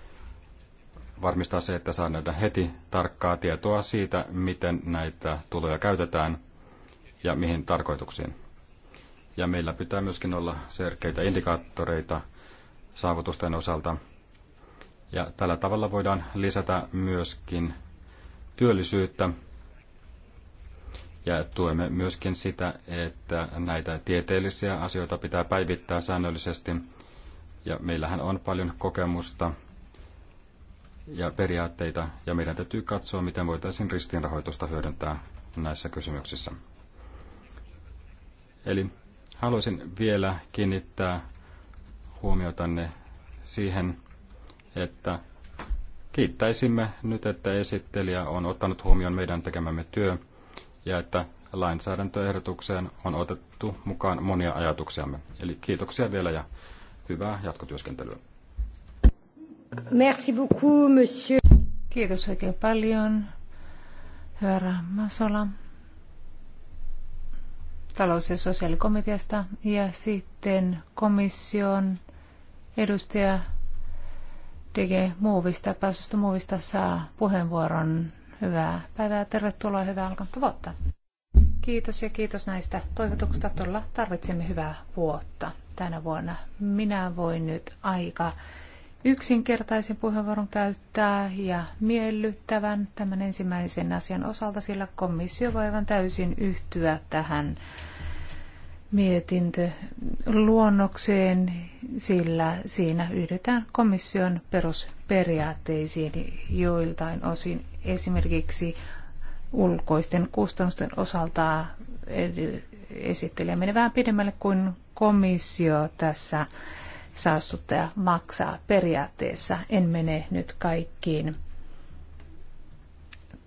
varmistaa se, että saa nähdä heti tarkkaa tietoa siitä, miten näitä tuloja käytetään ja mihin tarkoituksiin. Ja meillä pitää myöskin olla selkeitä indikaattoreita saavutusten osalta. Ja tällä tavalla voidaan lisätä myöskin työllisyyttä ja tuemme myöskin sitä, että näitä tieteellisiä asioita pitää päivittää säännöllisesti. Ja meillähän on paljon kokemusta ja periaatteita, ja meidän täytyy katsoa, miten voitaisiin ristinrahoitusta hyödyntää näissä kysymyksissä. Eli haluaisin vielä kiinnittää huomiotanne siihen, että kiittäisimme nyt, että esittelijä on ottanut huomioon meidän tekemämme työ ja että lainsäädäntöehdotukseen on otettu mukaan monia ajatuksiamme. Eli kiitoksia vielä ja hyvää jatkotyöskentelyä. Merci beaucoup, monsieur. Kiitos oikein paljon, herra Masola talous- ja sosiaalikomiteasta ja sitten komission edustaja DG Muovista, Pääsystä Muovista saa puheenvuoron Hyvää päivää, tervetuloa, hyvää alkanutta vuotta. Kiitos ja kiitos näistä toivotuksista. Todella tarvitsemme hyvää vuotta tänä vuonna. Minä voin nyt aika yksinkertaisen puheenvuoron käyttää ja miellyttävän tämän ensimmäisen asian osalta, sillä komissio voi aivan täysin yhtyä tähän mietintö luonnokseen, sillä siinä yhdetään komission perusperiaatteisiin joiltain osin esimerkiksi ulkoisten kustannusten osalta esittelee menee vähän pidemmälle kuin komissio tässä saastuttaja maksaa periaatteessa. En mene nyt kaikkiin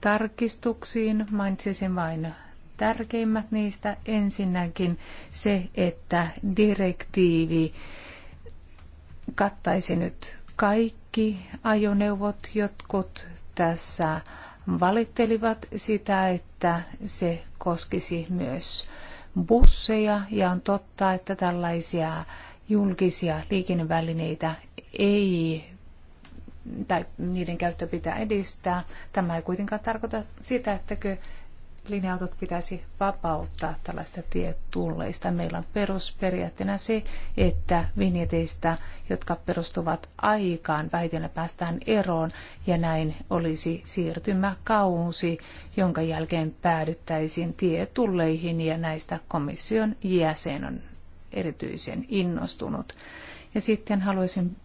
tarkistuksiin, mainitsisin vain tärkeimmät niistä. Ensinnäkin se, että direktiivi kattaisi nyt kaikki ajoneuvot, jotkut tässä valittelivat sitä, että se koskisi myös busseja ja on totta, että tällaisia julkisia liikennevälineitä ei tai niiden käyttö pitää edistää. Tämä ei kuitenkaan tarkoita sitä, ettäkö linja-autot pitäisi vapauttaa tällaista tietulleista. Meillä on perusperiaatteena se, että vinjeteistä, jotka perustuvat aikaan, vähitellen päästään eroon ja näin olisi siirtymäkausi, jonka jälkeen päädyttäisiin tietulleihin ja näistä komission jäsen on erityisen innostunut. Ja sitten haluaisin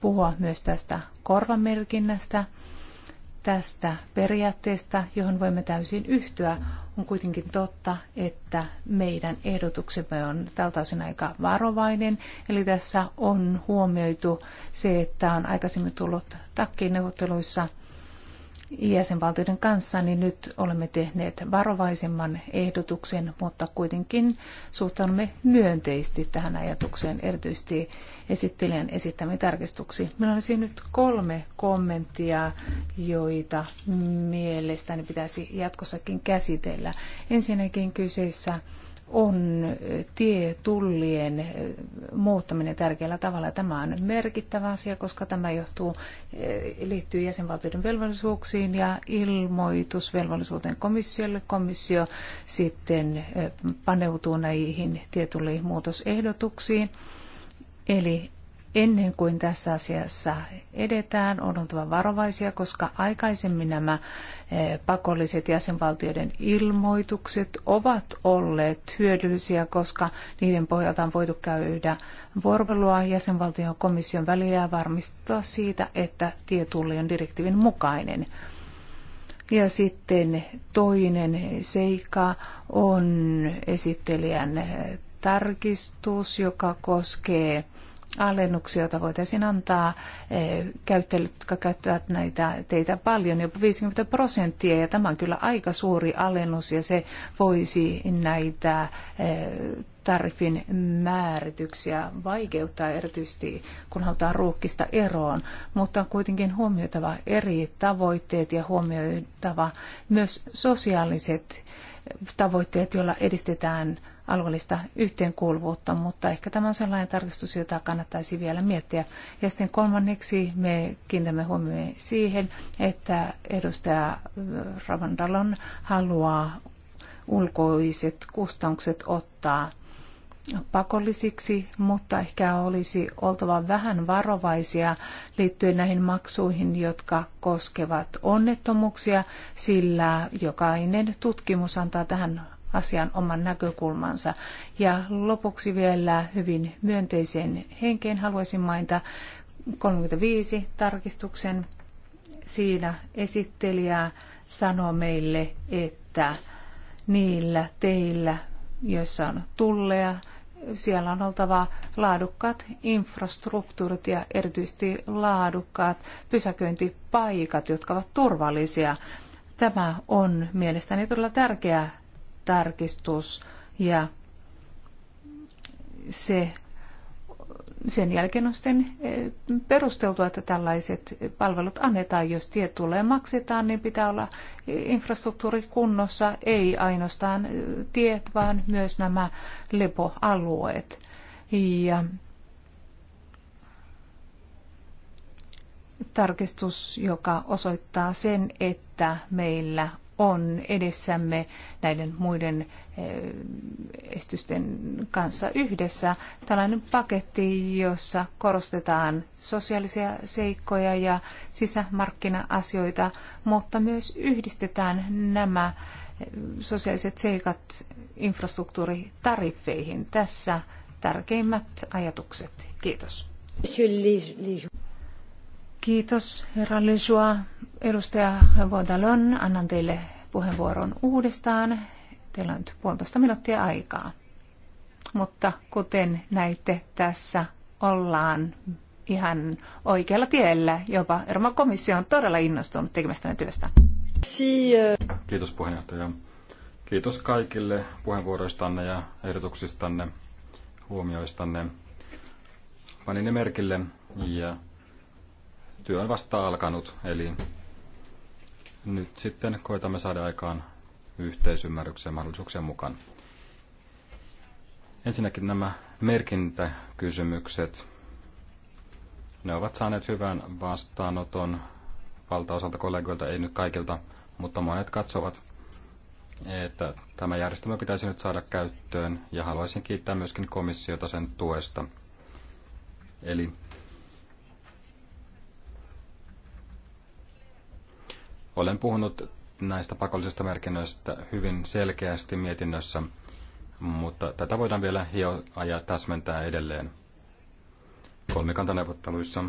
puhua myös tästä korvamerkinnästä tästä periaatteesta, johon voimme täysin yhtyä. On kuitenkin totta, että meidän ehdotuksemme on tältä osin aika varovainen. Eli tässä on huomioitu se, että on aikaisemmin tullut takkiin neuvotteluissa – jäsenvaltioiden kanssa, niin nyt olemme tehneet varovaisemman ehdotuksen, mutta kuitenkin suhtaudumme myönteisesti tähän ajatukseen, erityisesti esittelijän esittämiin tarkistuksiin. Minulla olisi nyt kolme kommenttia, joita mielestäni pitäisi jatkossakin käsitellä. Ensinnäkin kyseessä on tietullien muuttaminen tärkeällä tavalla. Tämä on merkittävä asia, koska tämä johtuu, eh, liittyy jäsenvaltioiden velvollisuuksiin ja ilmoitusvelvollisuuteen komissiolle. Komissio sitten eh, paneutuu näihin tietulliin muutosehdotuksiin. Eli Ennen kuin tässä asiassa edetään, on oltava varovaisia, koska aikaisemmin nämä eh, pakolliset jäsenvaltioiden ilmoitukset ovat olleet hyödyllisiä, koska niiden pohjalta on voitu käydä vuorovelua jäsenvaltion komission välillä ja varmistua siitä, että tietulli on direktiivin mukainen. Ja sitten toinen seikka on esittelijän tarkistus, joka koskee alennuksia, joita voitaisiin antaa eh, käyttäjille, jotka käyttävät näitä teitä paljon, jopa 50 prosenttia. Ja tämä on kyllä aika suuri alennus ja se voisi näitä eh, tarifin määrityksiä vaikeuttaa erityisesti, kun halutaan ruuhkista eroon, mutta on kuitenkin huomioitava eri tavoitteet ja huomioitava myös sosiaaliset tavoitteet, joilla edistetään alueellista yhteenkuuluvuutta, mutta ehkä tämä on sellainen tarkistus, jota kannattaisi vielä miettiä. Ja sitten kolmanneksi me kiinnitämme huomioon siihen, että edustaja Ravandalon haluaa ulkoiset kustannukset ottaa pakollisiksi, mutta ehkä olisi oltava vähän varovaisia liittyen näihin maksuihin, jotka koskevat onnettomuuksia, sillä jokainen tutkimus antaa tähän asian oman näkökulmansa. Ja lopuksi vielä hyvin myönteiseen henkeen haluaisin mainita 35 tarkistuksen. Siinä esittelijä sanoo meille, että niillä teillä, joissa on tulleja, siellä on oltava laadukkaat infrastruktuurit ja erityisesti laadukkaat pysäköintipaikat, jotka ovat turvallisia. Tämä on mielestäni todella tärkeä tarkistus ja se, sen jälkeen on sitten eh, perusteltua, että tällaiset palvelut annetaan. Jos tie tulee maksetaan, niin pitää olla infrastruktuuri kunnossa, ei ainoastaan eh, tiet, vaan myös nämä lepoalueet. Ja tarkistus, joka osoittaa sen, että meillä on edessämme näiden muiden eh, estysten kanssa yhdessä. Tällainen paketti, jossa korostetaan sosiaalisia seikkoja ja sisämarkkina-asioita, mutta myös yhdistetään nämä eh, sosiaaliset seikat infrastruktuuritariffeihin. Tässä tärkeimmät ajatukset. Kiitos. Kiitos, herra Lysua. Edustaja Vodalon, annan teille puheenvuoron uudestaan. Teillä on nyt puolitoista minuuttia aikaa. Mutta kuten näitte, tässä ollaan ihan oikealla tiellä. Jopa Euroopan komissio on todella innostunut tekemästä työstä. Kiitos puheenjohtaja. Kiitos kaikille puheenvuoroistanne ja ehdotuksistanne, huomioistanne. Panin ne merkille ja työ on vasta alkanut, eli nyt sitten koitamme saada aikaan yhteisymmärryksen mahdollisuuksien mukaan. Ensinnäkin nämä merkintäkysymykset. Ne ovat saaneet hyvän vastaanoton valtaosalta kollegoilta, ei nyt kaikilta, mutta monet katsovat, että tämä järjestelmä pitäisi nyt saada käyttöön ja haluaisin kiittää myöskin komissiota sen tuesta. Eli Olen puhunut näistä pakollisista merkinnöistä hyvin selkeästi mietinnössä, mutta tätä voidaan vielä hioa ja täsmentää edelleen kolmikantaneuvotteluissa.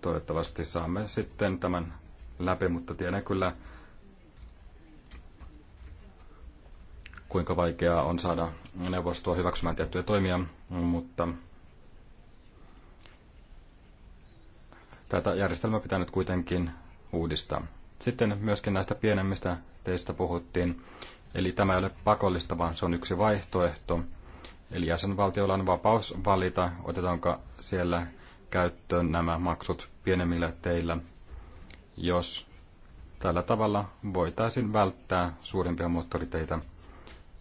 Toivottavasti saamme sitten tämän läpi, mutta tiedän kyllä, kuinka vaikeaa on saada neuvostoa hyväksymään tiettyjä toimia, mutta tätä järjestelmää pitää nyt kuitenkin uudistaa. Sitten myöskin näistä pienemmistä teistä puhuttiin. Eli tämä ei ole pakollista, vaan se on yksi vaihtoehto. Eli jäsenvaltiolla on vapaus valita, otetaanko siellä käyttöön nämä maksut pienemmillä teillä, jos tällä tavalla voitaisiin välttää suurimpia moottoriteitä.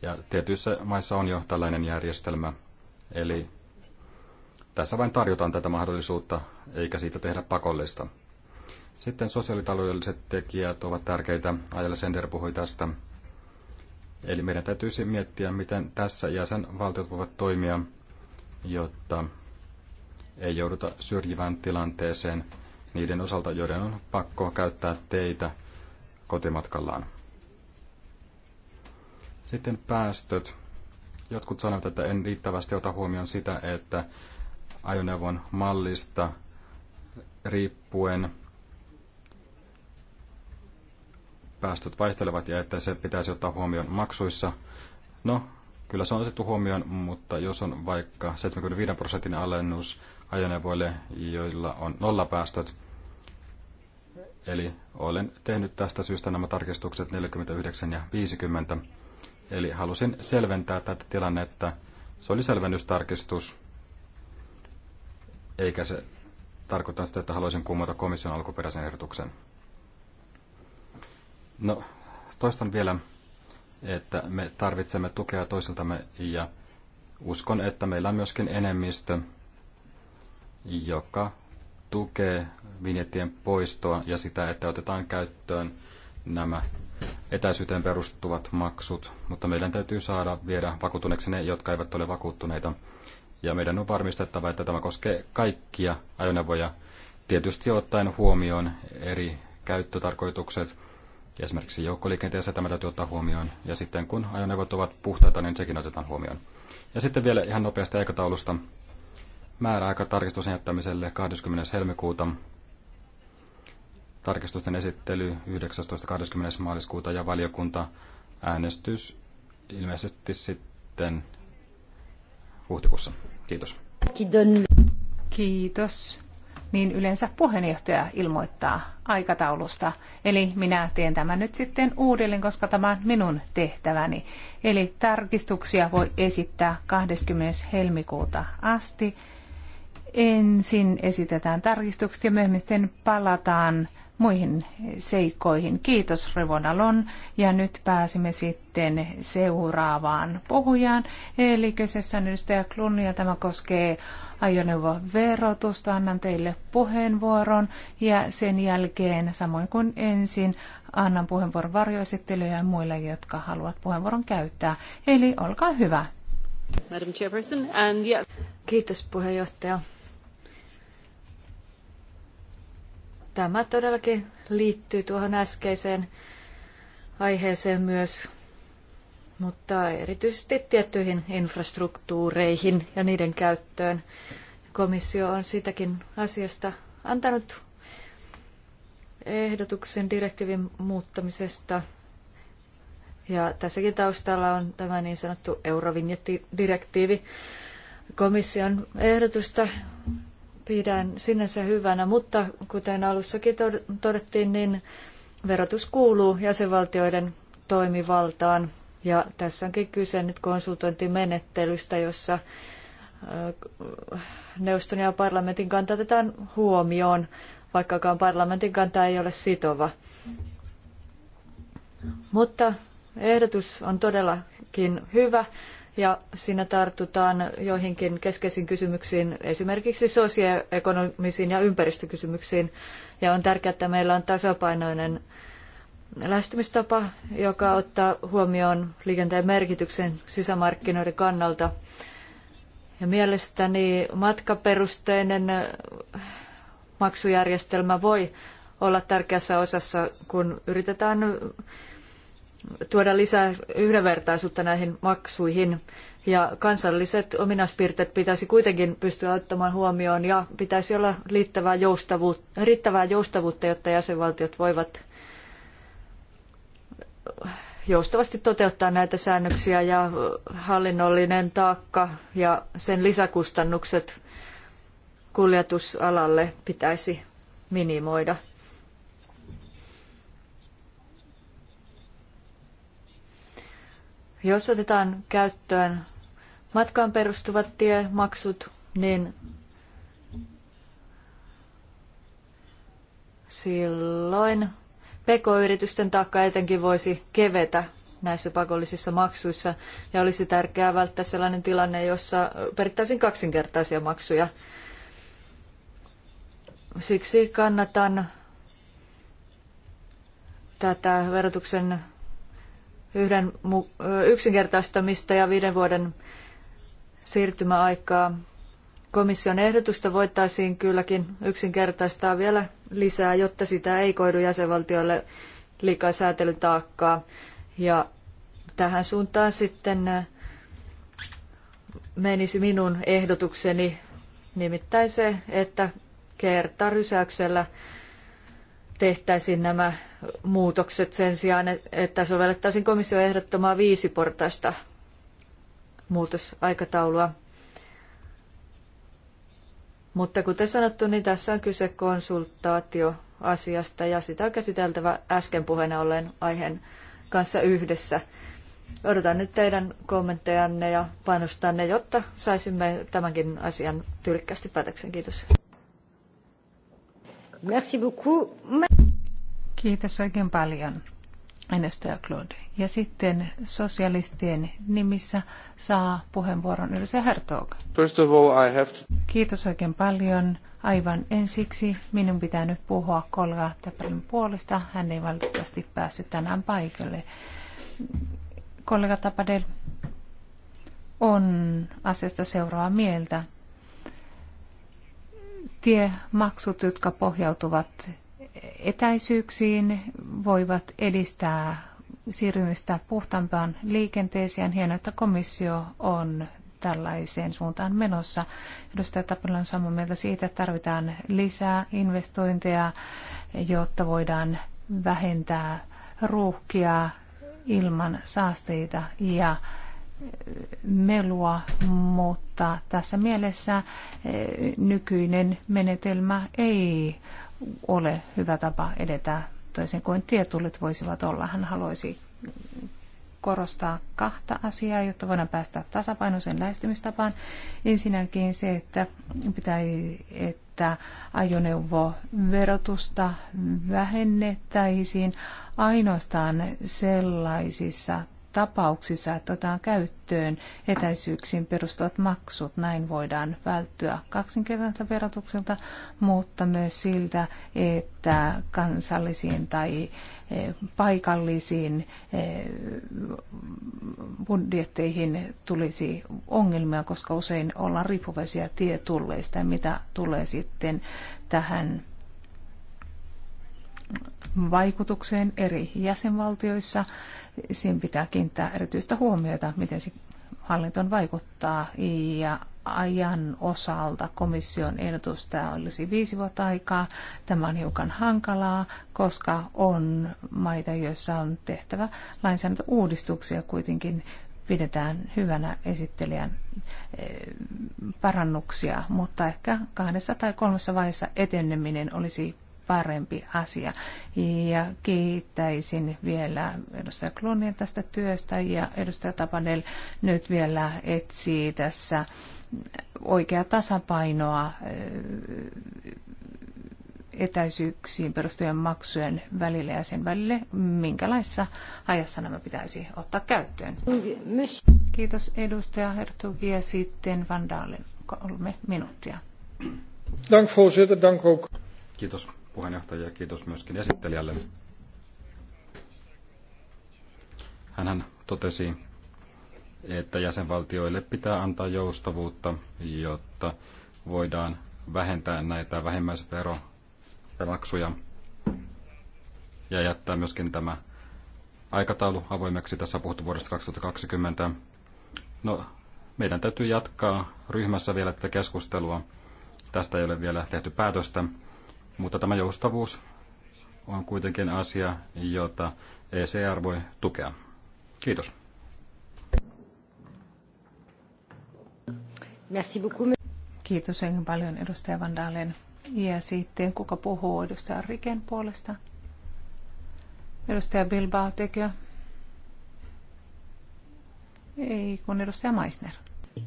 Ja tietyissä maissa on jo tällainen järjestelmä. Eli tässä vain tarjotaan tätä mahdollisuutta, eikä siitä tehdä pakollista. Sitten sosiaalitaloudelliset tekijät ovat tärkeitä. Ajalla Sender puhui tästä. Eli meidän täytyisi miettiä, miten tässä jäsenvaltiot voivat toimia, jotta ei jouduta syrjivään tilanteeseen niiden osalta, joiden on pakko käyttää teitä kotimatkallaan. Sitten päästöt. Jotkut sanovat, että en riittävästi ota huomioon sitä, että ajoneuvon mallista riippuen – päästöt vaihtelevat ja että se pitäisi ottaa huomioon maksuissa. No, kyllä se on otettu huomioon, mutta jos on vaikka 75 prosentin alennus ajoneuvoille, joilla on nollapäästöt, eli olen tehnyt tästä syystä nämä tarkistukset 49 ja 50, eli halusin selventää tätä tilannetta. Se oli selvennystarkistus, eikä se tarkoita sitä, että haluaisin kumota komission alkuperäisen ehdotuksen. No, toistan vielä, että me tarvitsemme tukea toisiltamme ja uskon, että meillä on myöskin enemmistö, joka tukee vinjettien poistoa ja sitä, että otetaan käyttöön nämä etäisyyteen perustuvat maksut, mutta meidän täytyy saada viedä vakuutuneeksi ne, jotka eivät ole vakuuttuneita. Ja meidän on varmistettava, että tämä koskee kaikkia ajoneuvoja, tietysti ottaen huomioon eri käyttötarkoitukset – ja esimerkiksi joukkoliikenteessä tämä täytyy ottaa huomioon. Ja sitten kun ajoneuvot ovat puhtaita, niin sekin otetaan huomioon. Ja sitten vielä ihan nopeasti aikataulusta. Määräaika tarkistuksen jättämiselle 20. helmikuuta. Tarkistusten esittely 19.20. maaliskuuta ja valiokunta äänestys ilmeisesti sitten huhtikuussa. Kiitos. Kiitos niin yleensä puheenjohtaja ilmoittaa aikataulusta. Eli minä teen tämän nyt sitten uudelleen, koska tämä on minun tehtäväni. Eli tarkistuksia voi esittää 20. helmikuuta asti. Ensin esitetään tarkistukset ja myöhemmin sitten palataan muihin seikkoihin. Kiitos Revonalon ja nyt pääsimme sitten seuraavaan puhujaan. Eli kyseessä on edustaja Klun ja tämä koskee ajoneuvoverotusta. Annan teille puheenvuoron ja sen jälkeen samoin kuin ensin annan puheenvuoron varjoesittelyjä ja muille, jotka haluavat puheenvuoron käyttää. Eli olkaa hyvä. Madam Chairperson, and yeah. Kiitos puheenjohtaja. Tämä todellakin liittyy tuohon äskeiseen aiheeseen myös, mutta erityisesti tiettyihin infrastruktuureihin ja niiden käyttöön. Komissio on sitäkin asiasta antanut ehdotuksen direktiivin muuttamisesta. Ja tässäkin taustalla on tämä niin sanottu Eurovinjettidirektiivi. Komission ehdotusta pidän sinänsä hyvänä, mutta kuten alussakin todettiin, niin verotus kuuluu jäsenvaltioiden toimivaltaan. Ja tässä onkin kyse nyt konsultointimenettelystä, jossa neuvoston ja parlamentin kanta otetaan huomioon, vaikkakaan parlamentin kanta ei ole sitova. Mutta ehdotus on todellakin hyvä ja siinä tartutaan joihinkin keskeisiin kysymyksiin, esimerkiksi sosioekonomisiin ja ympäristökysymyksiin. Ja on tärkeää, että meillä on tasapainoinen lähestymistapa, joka ottaa huomioon liikenteen merkityksen sisämarkkinoiden kannalta. Ja mielestäni matkaperusteinen maksujärjestelmä voi olla tärkeässä osassa, kun yritetään tuoda lisää yhdenvertaisuutta näihin maksuihin. Ja kansalliset ominaispiirteet pitäisi kuitenkin pystyä ottamaan huomioon ja pitäisi olla riittävää joustavuutta, riittävää joustavuutta jotta jäsenvaltiot voivat joustavasti toteuttaa näitä säännöksiä ja hallinnollinen taakka ja sen lisäkustannukset kuljetusalalle pitäisi minimoida. Jos otetaan käyttöön matkaan perustuvat tiemaksut, niin silloin PK-yritysten taakka etenkin voisi kevetä näissä pakollisissa maksuissa ja olisi tärkeää välttää sellainen tilanne, jossa perittäisiin kaksinkertaisia maksuja. Siksi kannatan tätä verotuksen yhden yksinkertaistamista ja viiden vuoden siirtymäaikaa. Komission ehdotusta voitaisiin kylläkin yksinkertaistaa vielä lisää, jotta sitä ei koidu jäsenvaltioille liikaa säätelytaakkaa. Ja tähän suuntaan sitten menisi minun ehdotukseni, nimittäin se, että kertarysäyksellä tehtäisiin nämä muutokset sen sijaan, että sovellettaisiin komission ehdottamaa viisiportaista muutosaikataulua. Mutta kuten sanottu, niin tässä on kyse konsultaatioasiasta ja sitä on käsiteltävä äsken puheena olleen aiheen kanssa yhdessä. Odotan nyt teidän kommenttejanne ja painostanne, jotta saisimme tämänkin asian tyylikkäästi päätöksen. Kiitos. Merci beaucoup. Kiitos oikein paljon, Enestöä ja Claude. Ja sitten sosialistien nimissä saa puheenvuoron Ylse Hertog. First of all, I have to... Kiitos oikein paljon. Aivan ensiksi minun pitää nyt puhua kollega Täpälin puolesta. Hän ei valitettavasti päässyt tänään paikalle. Kollega Tapadel on asiasta seuraa mieltä. Tiemaksut, jotka pohjautuvat etäisyyksiin voivat edistää siirrymistä puhtaampaan liikenteeseen. hienoa, että komissio on tällaiseen suuntaan menossa. Edustaja Tapila on samaa mieltä siitä, että tarvitaan lisää investointeja, jotta voidaan vähentää ruuhkia ilman saasteita ja melua, mutta tässä mielessä nykyinen menetelmä ei ole hyvä tapa edetä toisin kuin tietullit voisivat olla. Hän haluaisi korostaa kahta asiaa, jotta voidaan päästä tasapainoiseen lähestymistapaan. Ensinnäkin se, että pitää, että ajoneuvoverotusta vähennettäisiin ainoastaan sellaisissa tapauksissa, että otetaan käyttöön etäisyyksiin perustuvat maksut. Näin voidaan välttyä kaksinkertaiselta verotukselta, mutta myös siltä, että kansallisiin tai e, paikallisiin e, budjetteihin tulisi ongelmia, koska usein ollaan riippuvaisia tietulleista, mitä tulee sitten tähän vaikutukseen eri jäsenvaltioissa sen pitää kiinnittää erityistä huomiota, miten se hallintoon vaikuttaa ja ajan osalta komission ehdotus tämä olisi viisi vuotta aikaa. Tämä on hiukan hankalaa, koska on maita, joissa on tehtävä lainsäädäntöuudistuksia kuitenkin pidetään hyvänä esittelijän eh, parannuksia, mutta ehkä kahdessa tai kolmessa vaiheessa eteneminen olisi parempi asia. Ja kiittäisin vielä edustaja Klonia tästä työstä ja edustaja Tapanel nyt vielä etsii tässä oikea tasapainoa eh, etäisyyksiin perustuvien maksujen välille ja sen välille, minkälaissa ajassa nämä pitäisi ottaa käyttöön. Kiitos edustaja Hertugi ja sitten Vandaalin kolme minuuttia. Dank voorzitter, dank ook. Kiitos puheenjohtaja ja kiitos myöskin esittelijälle. Hänhän totesi, että jäsenvaltioille pitää antaa joustavuutta, jotta voidaan vähentää näitä vähimmäisvero- maksuja ja jättää myöskin tämä aikataulu avoimeksi. Tässä on puhuttu vuodesta 2020. No, meidän täytyy jatkaa ryhmässä vielä tätä keskustelua. Tästä ei ole vielä tehty päätöstä. Mutta tämä joustavuus on kuitenkin asia, jota ECR voi tukea. Kiitos. Merci beaucoup. Kiitos hyvin paljon edustaja Van Ja sitten kuka puhuu edustaja Riken puolesta? Edustaja Bilbao tekö? Ei, kun edustaja Meissner.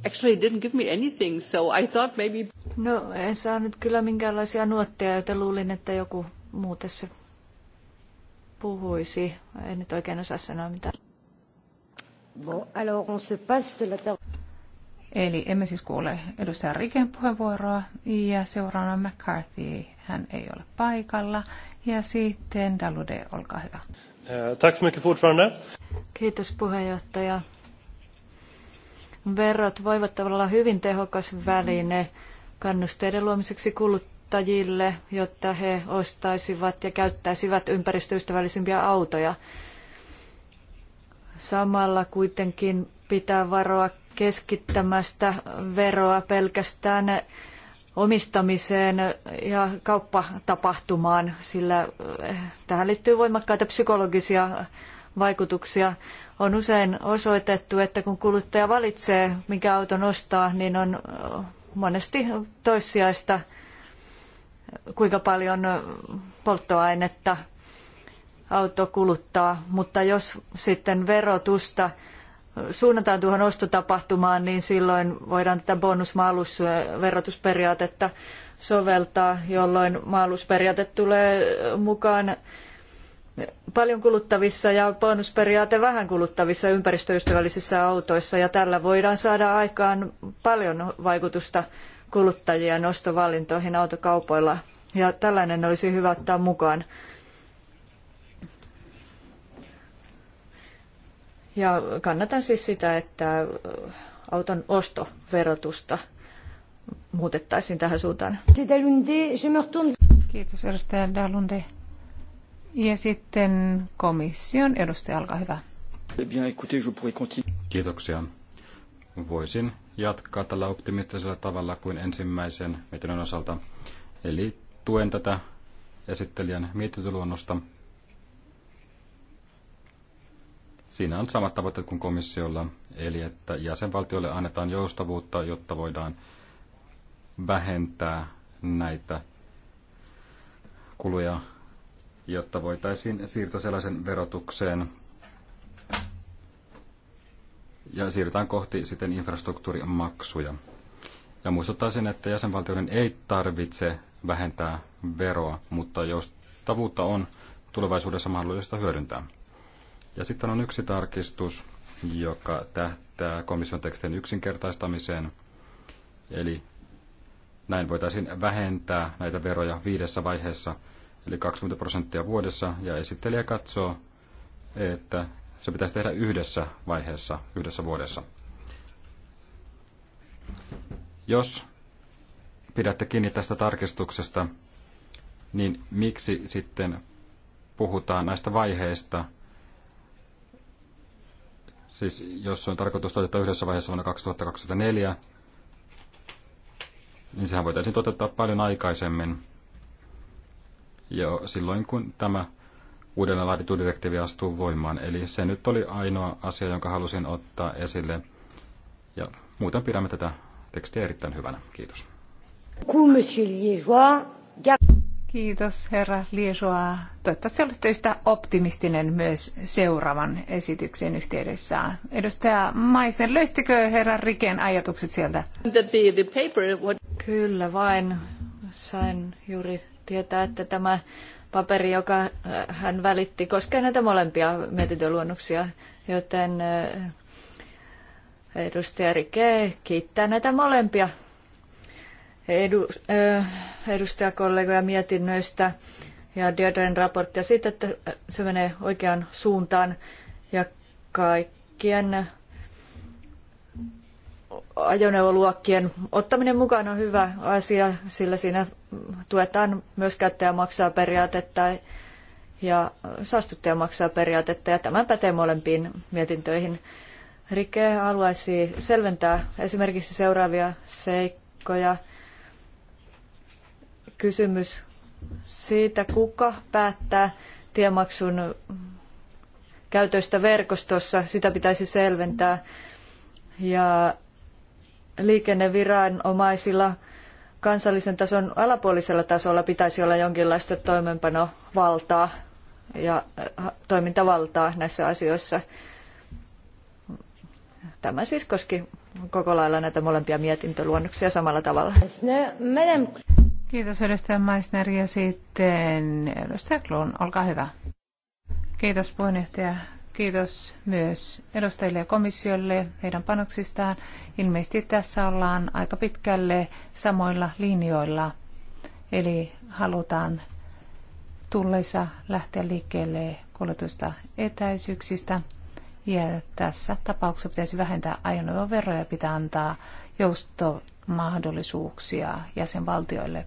Actually, it didn't give me anything, so I thought maybe... No, en saa nyt kyllä minkäänlaisia nuotteja, joten luulin, että joku muu tässä puhuisi. En nyt oikein osaa sanoa mitään. Bon, alors on se passe Eli emme siis kuule edustaja Riken puheenvuoroa ja seuraavana McCarthy, hän ei ole paikalla. Ja sitten Dalude, olkaa hyvä. Eh, tack så mycket fortfarande. Kiitos puheenjohtaja. Verot voivat olla hyvin tehokas väline. Mm kannusteiden luomiseksi kuluttajille, jotta he ostaisivat ja käyttäisivät ympäristöystävällisempiä autoja. Samalla kuitenkin pitää varoa keskittämästä veroa pelkästään omistamiseen ja kauppatapahtumaan, sillä eh, tähän liittyy voimakkaita psykologisia vaikutuksia. On usein osoitettu, että kun kuluttaja valitsee, mikä auton ostaa, niin on eh, monesti toissijaista, kuinka paljon polttoainetta auto kuluttaa, mutta jos sitten verotusta suunnataan tuohon ostotapahtumaan, niin silloin voidaan tätä bonusmaalusverotusperiaatetta soveltaa, jolloin maalusperiaate tulee mukaan paljon kuluttavissa ja bonusperiaate vähän kuluttavissa ympäristöystävällisissä autoissa ja tällä voidaan saada aikaan paljon vaikutusta kuluttajien ostovalintoihin autokaupoilla ja tällainen olisi hyvä ottaa mukaan. Ja kannatan siis sitä, että auton ostoverotusta muutettaisiin tähän suuntaan. Kiitos edustaja Dalunde. Ja sitten komission edustaja, olkaa hyvä. Eh Kiitoksia. Voisin jatkaa tällä optimistisella tavalla kuin ensimmäisen mietinnön osalta. Eli tuen tätä esittelijän mietintöluonnosta. Siinä on samat tavoitteet kuin komissiolla, eli että jäsenvaltioille annetaan joustavuutta, jotta voidaan vähentää näitä kuluja jotta voitaisiin siirtyä sellaisen verotukseen ja siirrytään kohti sitten infrastruktuurimaksuja. Ja muistuttaisin, että jäsenvaltioiden ei tarvitse vähentää veroa, mutta joustavuutta on tulevaisuudessa mahdollista hyödyntää. Ja sitten on yksi tarkistus, joka tähtää komission tekstien yksinkertaistamiseen. Eli näin voitaisiin vähentää näitä veroja viidessä vaiheessa – eli 20 prosenttia vuodessa, ja esittelijä katsoo, että se pitäisi tehdä yhdessä vaiheessa, yhdessä vuodessa. Jos pidätte kiinni tästä tarkistuksesta, niin miksi sitten puhutaan näistä vaiheista, siis jos on tarkoitus toteuttaa yhdessä vaiheessa vuonna 2024, niin sehän voitaisiin toteuttaa paljon aikaisemmin jo silloin, kun tämä uudelleen laadittu direktiivi astuu voimaan. Eli se nyt oli ainoa asia, jonka halusin ottaa esille. Ja muuten pidämme tätä tekstiä erittäin hyvänä. Kiitos. Kiitos herra Liesoa. Toivottavasti olette yhtä optimistinen myös seuraavan esityksen yhteydessä. Edustaja Maisen, löystikö herra Riken ajatukset sieltä? Kyllä vain. Sain juuri tietää, että tämä paperi, joka äh, hän välitti, koskee näitä molempia mietintöluonnoksia, joten äh, edustaja Rike kiittää näitä molempia edu, äh, edustajakollegoja mietinnöistä ja Diodren raporttia siitä, että se menee oikeaan suuntaan ja kaikkien ajoneuvoluokkien ottaminen mukaan on hyvä asia, sillä siinä tuetaan myös käyttäjä maksaa periaatetta ja saastuttaja maksaa periaatetta ja tämä pätee molempiin mietintöihin. Rike haluaisi selventää esimerkiksi seuraavia seikkoja. Kysymys siitä, kuka päättää tiemaksun käytöstä verkostossa, sitä pitäisi selventää. Ja liikenneviranomaisilla kansallisen tason alapuolisella tasolla pitäisi olla jonkinlaista toimenpanovaltaa ja äh, toimintavaltaa näissä asioissa. Tämä siis koski koko lailla näitä molempia mietintöluonnoksia samalla tavalla. Kiitos edustaja Meissner ja sitten edustaja Kluun, olkaa hyvä. Kiitos puheenjohtaja. Kiitos myös edustajille ja komissiolle heidän panoksistaan. Ilmeisesti tässä ollaan aika pitkälle samoilla linjoilla, eli halutaan tulleissa lähteä liikkeelle kuljetusta etäisyyksistä. Ja tässä tapauksessa pitäisi vähentää ajoneuvon veroja, pitää antaa joustomahdollisuuksia jäsenvaltioille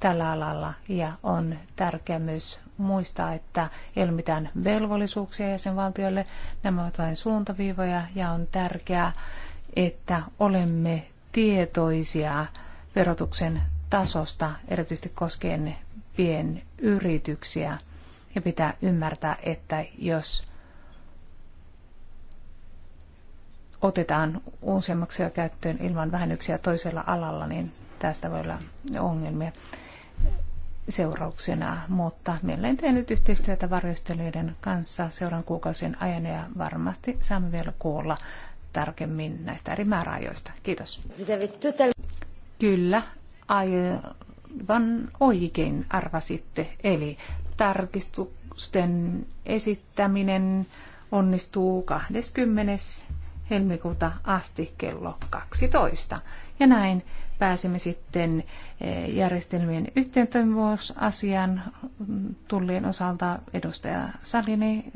tällä alalla ja on tärkeää myös muistaa, että ei ole mitään velvollisuuksia jäsenvaltioille. Nämä ovat vain suuntaviivoja ja on tärkeää, että olemme tietoisia verotuksen tasosta, erityisesti koskien pienyrityksiä. Ja pitää ymmärtää, että jos otetaan uusimmaksi käyttöön ilman vähennyksiä toisella alalla, niin tästä voi olla ongelmia seurauksena, mutta mielelläni teen nyt yhteistyötä varjostelijoiden kanssa seuraan kuukausien ajan ja varmasti saamme vielä kuulla tarkemmin näistä eri määräajoista. Kiitos. Kyllä, aivan oikein arvasitte. Eli tarkistusten esittäminen onnistuu 20. helmikuuta asti kello 12. Ja näin pääsemme sitten eh, järjestelmien yhteentoimivuusasian tullien osalta. Edustaja Salini,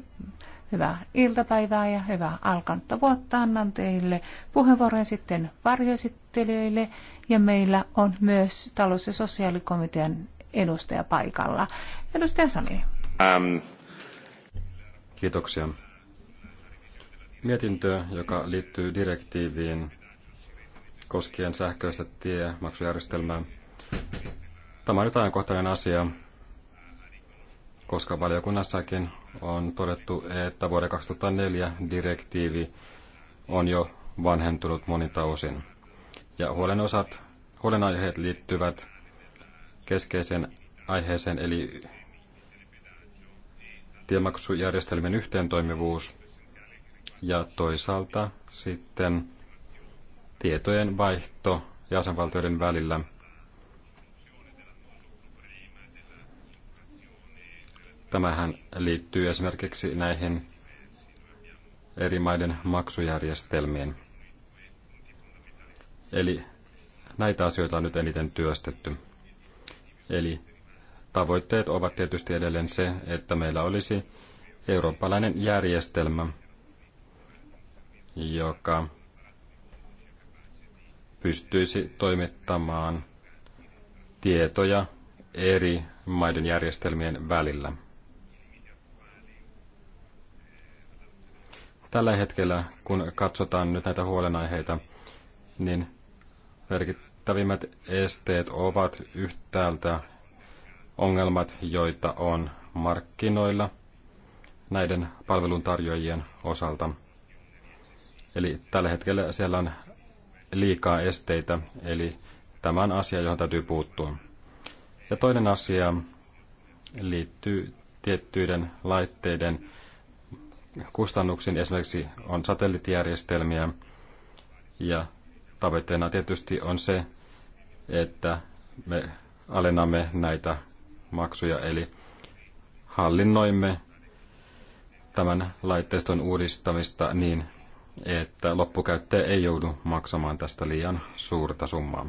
hyvää iltapäivää ja hyvää alkanutta vuotta. Annan teille puheenvuoron sitten varjoesittelijöille ja meillä on myös talous- ja sosiaalikomitean edustaja paikalla. Edustaja Salini. Um. Kiitoksia. Mietintö, joka liittyy direktiiviin koskien sähköistä tiemaksujärjestelmää. Tämä on nyt ajankohtainen asia, koska valiokunnassakin on todettu, että vuoden 2004 direktiivi on jo vanhentunut monilta osin. Ja huolenosat, huolenaiheet liittyvät keskeiseen aiheeseen, eli tiemaksujärjestelmien yhteentoimivuus ja toisaalta sitten tietojen vaihto jäsenvaltioiden välillä. Tämähän liittyy esimerkiksi näihin eri maiden maksujärjestelmiin. Eli näitä asioita on nyt eniten työstetty. Eli tavoitteet ovat tietysti edelleen se, että meillä olisi eurooppalainen järjestelmä, joka pystyisi toimittamaan tietoja eri maiden järjestelmien välillä. Tällä hetkellä, kun katsotaan nyt näitä huolenaiheita, niin merkittävimmät esteet ovat yhtäältä ongelmat, joita on markkinoilla näiden palveluntarjoajien osalta. Eli tällä hetkellä siellä on liikaa esteitä, eli tämä on asia, johon täytyy puuttua. Ja toinen asia liittyy tiettyiden laitteiden kustannuksiin. Esimerkiksi on satelliittijärjestelmiä ja tavoitteena tietysti on se, että me alennamme näitä maksuja, eli hallinnoimme tämän laitteiston uudistamista niin, että loppukäyttäjä ei joudu maksamaan tästä liian suurta summaa.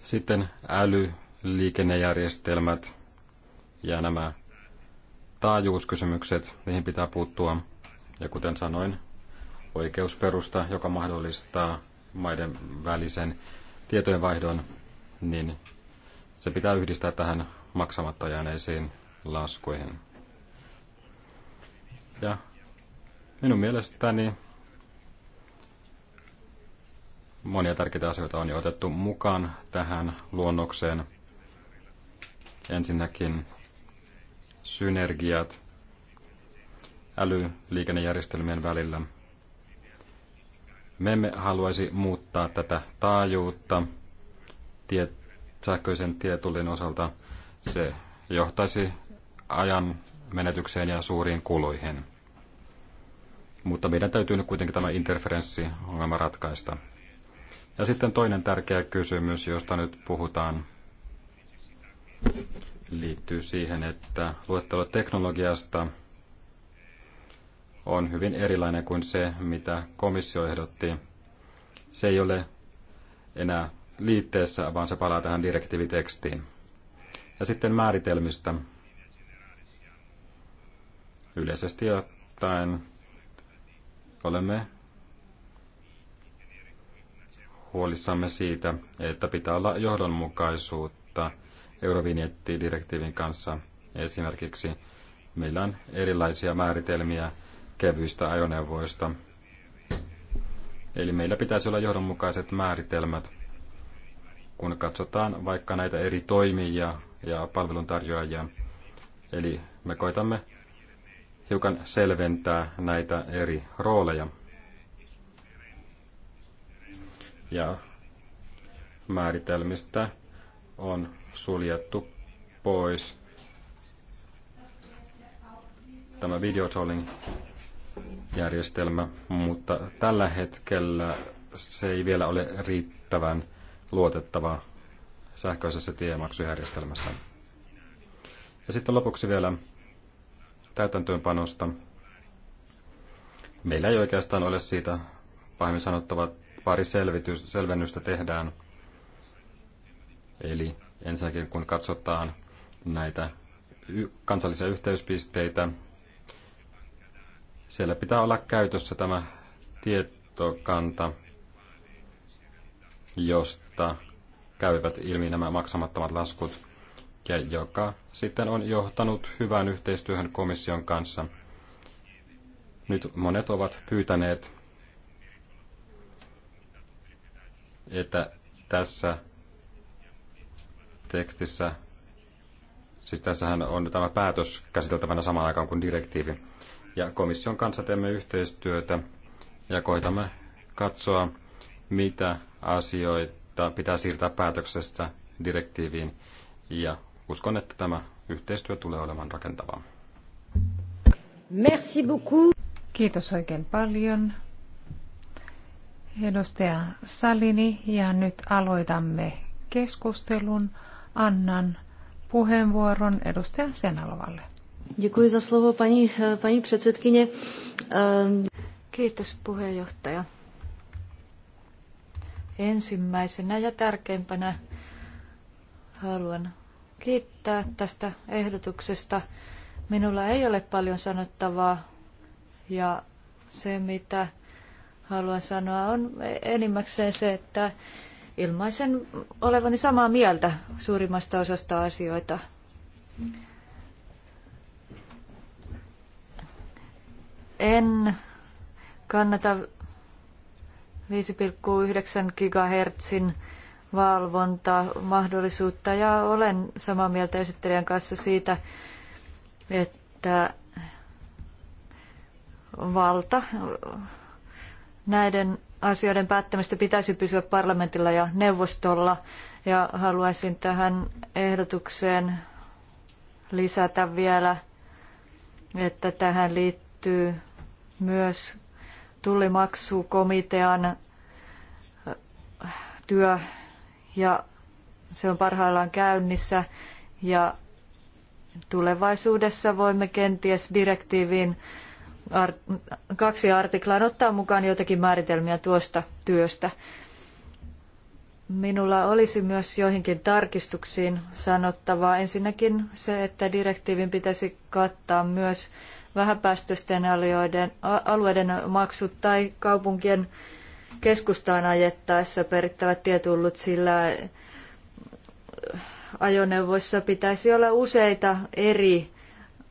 Sitten älyliikennejärjestelmät ja nämä taajuuskysymykset, niihin pitää puuttua. Ja kuten sanoin, oikeusperusta, joka mahdollistaa maiden välisen tietojenvaihdon, niin se pitää yhdistää tähän maksamatta jääneisiin laskuihin. Ja minun mielestäni monia tärkeitä asioita on jo otettu mukaan tähän luonnokseen. Ensinnäkin synergiat älyliikennejärjestelmien välillä. Me emme haluaisi muuttaa tätä taajuutta tie, sähköisen tietullin osalta. Se johtaisi ajan menetykseen ja suuriin kuluihin. Mutta meidän täytyy nyt kuitenkin tämä interferenssiongelma ratkaista. Ja sitten toinen tärkeä kysymys, josta nyt puhutaan, liittyy siihen, että luettelo teknologiasta on hyvin erilainen kuin se, mitä komissio ehdotti. Se ei ole enää liitteessä, vaan se palaa tähän direktiivitekstiin. Ja sitten määritelmistä. Yleisesti ottaen olemme huolissamme siitä, että pitää olla johdonmukaisuutta Eurovinjettidirektiivin kanssa. Esimerkiksi meillä on erilaisia määritelmiä kevyistä ajoneuvoista. Eli meillä pitäisi olla johdonmukaiset määritelmät, kun katsotaan vaikka näitä eri toimijia ja palveluntarjoajia. Eli me koitamme hiukan selventää näitä eri rooleja. Ja määritelmistä on suljettu pois tämä videotrolling järjestelmä, mutta tällä hetkellä se ei vielä ole riittävän luotettava sähköisessä tiemaksujärjestelmässä. Ja sitten lopuksi vielä täytäntöönpanosta. Meillä ei oikeastaan ole siitä pahemmin sanottava Pari selvitys, selvennystä tehdään. Eli ensinnäkin kun katsotaan näitä kansallisia yhteyspisteitä, siellä pitää olla käytössä tämä tietokanta, josta käyvät ilmi nämä maksamattomat laskut ja joka sitten on johtanut hyvään yhteistyöhön komission kanssa. Nyt monet ovat pyytäneet, että tässä tekstissä, siis tässähän on tämä päätös käsiteltävänä samaan aikaan kuin direktiivi. Ja komission kanssa teemme yhteistyötä ja koitamme katsoa, mitä asioita pitää siirtää päätöksestä direktiiviin ja uskon, että tämä yhteistyö tulee olemaan rakentavaa. Merci beaucoup. Kiitos oikein paljon. Edustaja Salini, ja nyt aloitamme keskustelun. Annan puheenvuoron edustaja Senalovalle. Děkuji za slovo, paní, paní předsedkyně. Ehm, Kiitos puheenjohtaja. Ensimmäisenä ja tärkeimpänä haluan kiittää tästä ehdotuksesta. Minulla ei ole paljon sanottavaa ja se, mitä haluan sanoa, on enimmäkseen se, että ilmaisen olevani samaa mieltä suurimmasta osasta asioita. En kannata 5,9 gigahertsin valvontamahdollisuutta ja olen samaa mieltä esittelijän kanssa siitä, että valta näiden asioiden päättämistä pitäisi pysyä parlamentilla ja neuvostolla ja haluaisin tähän ehdotukseen lisätä vielä, että tähän liittyy myös tullimaksukomitean työ ja se on parhaillaan käynnissä ja tulevaisuudessa voimme kenties direktiiviin kaksi artiklaan ottaa mukaan joitakin määritelmiä tuosta työstä. Minulla olisi myös joihinkin tarkistuksiin sanottavaa. Ensinnäkin se, että direktiivin pitäisi kattaa myös vähäpäästöisten alueiden, alueiden maksut tai kaupunkien keskustaan ajettaessa perittävät tietullut, sillä ajoneuvoissa pitäisi olla useita eri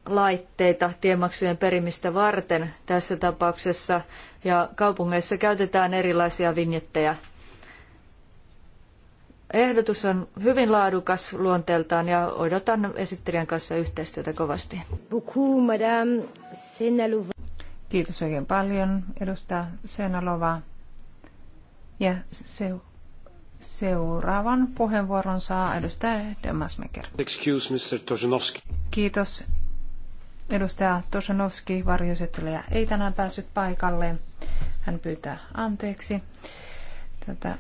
laitteita tiemaksujen perimistä varten tässä tapauksessa, ja kaupungeissa käytetään erilaisia vinjettejä. Ehdotus on hyvin laadukas luonteeltaan ja odotan esittelijän kanssa yhteistyötä kovasti. Kiitos oikein paljon, edustaja Senalova. Ja se, seuraavan puheenvuoron saa edustaja Demasmeker. Excuse, Mr. Tosinowski. Kiitos. Edustaja Tosanovski, varjoesittelijä, ei tänään päässyt paikalle. Hän pyytää anteeksi. Tätä.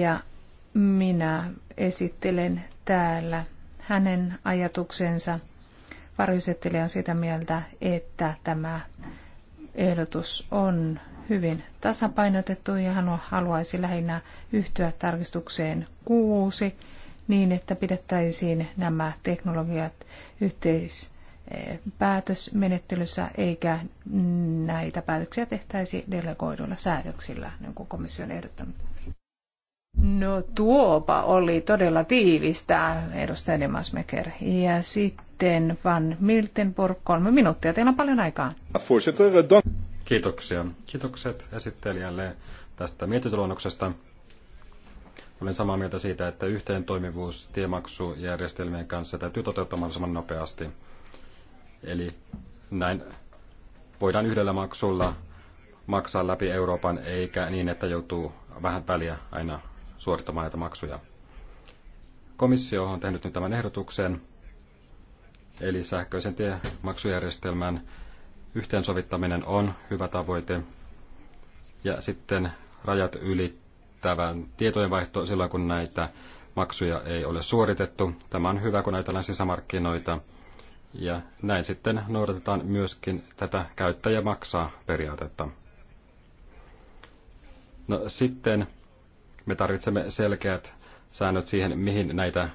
Ja minä esittelen täällä hänen ajatuksensa. Varjoisettelija on sitä mieltä, että tämä ehdotus on hyvin tasapainotettu ja hän haluaisi lähinnä yhtyä tarkistukseen kuusi niin, että pidettäisiin nämä teknologiat yhteispäätösmenettelyssä eh, eikä näitä päätöksiä tehtäisi delegoiduilla säädöksillä, niin kuin komissio on ehdottanut. No tuopa oli todella tiivistä, edustaja Demasmeker. Ja sitten Van Miltenborg, kolme minuuttia. Teillä on paljon aikaa. Kiitoksia. Kiitokset esittelijälle tästä mietintöluonnoksesta. Olen samaa mieltä siitä, että yhteen toimivuus tiemaksujärjestelmien kanssa täytyy toteuttaa mahdollisimman nopeasti. Eli näin voidaan yhdellä maksulla maksaa läpi Euroopan, eikä niin, että joutuu vähän väliä aina suorittamaan näitä maksuja. Komissio on tehnyt nyt tämän ehdotuksen, eli sähköisen tiemaksujärjestelmän Yhteensovittaminen on hyvä tavoite. Ja sitten rajat ylittävän tietojenvaihto silloin, kun näitä maksuja ei ole suoritettu. Tämä on hyvä, kun ajatellaan sisämarkkinoita. Ja näin sitten noudatetaan myöskin tätä käyttäjä maksaa periaatetta. No sitten me tarvitsemme selkeät säännöt siihen, mihin näitä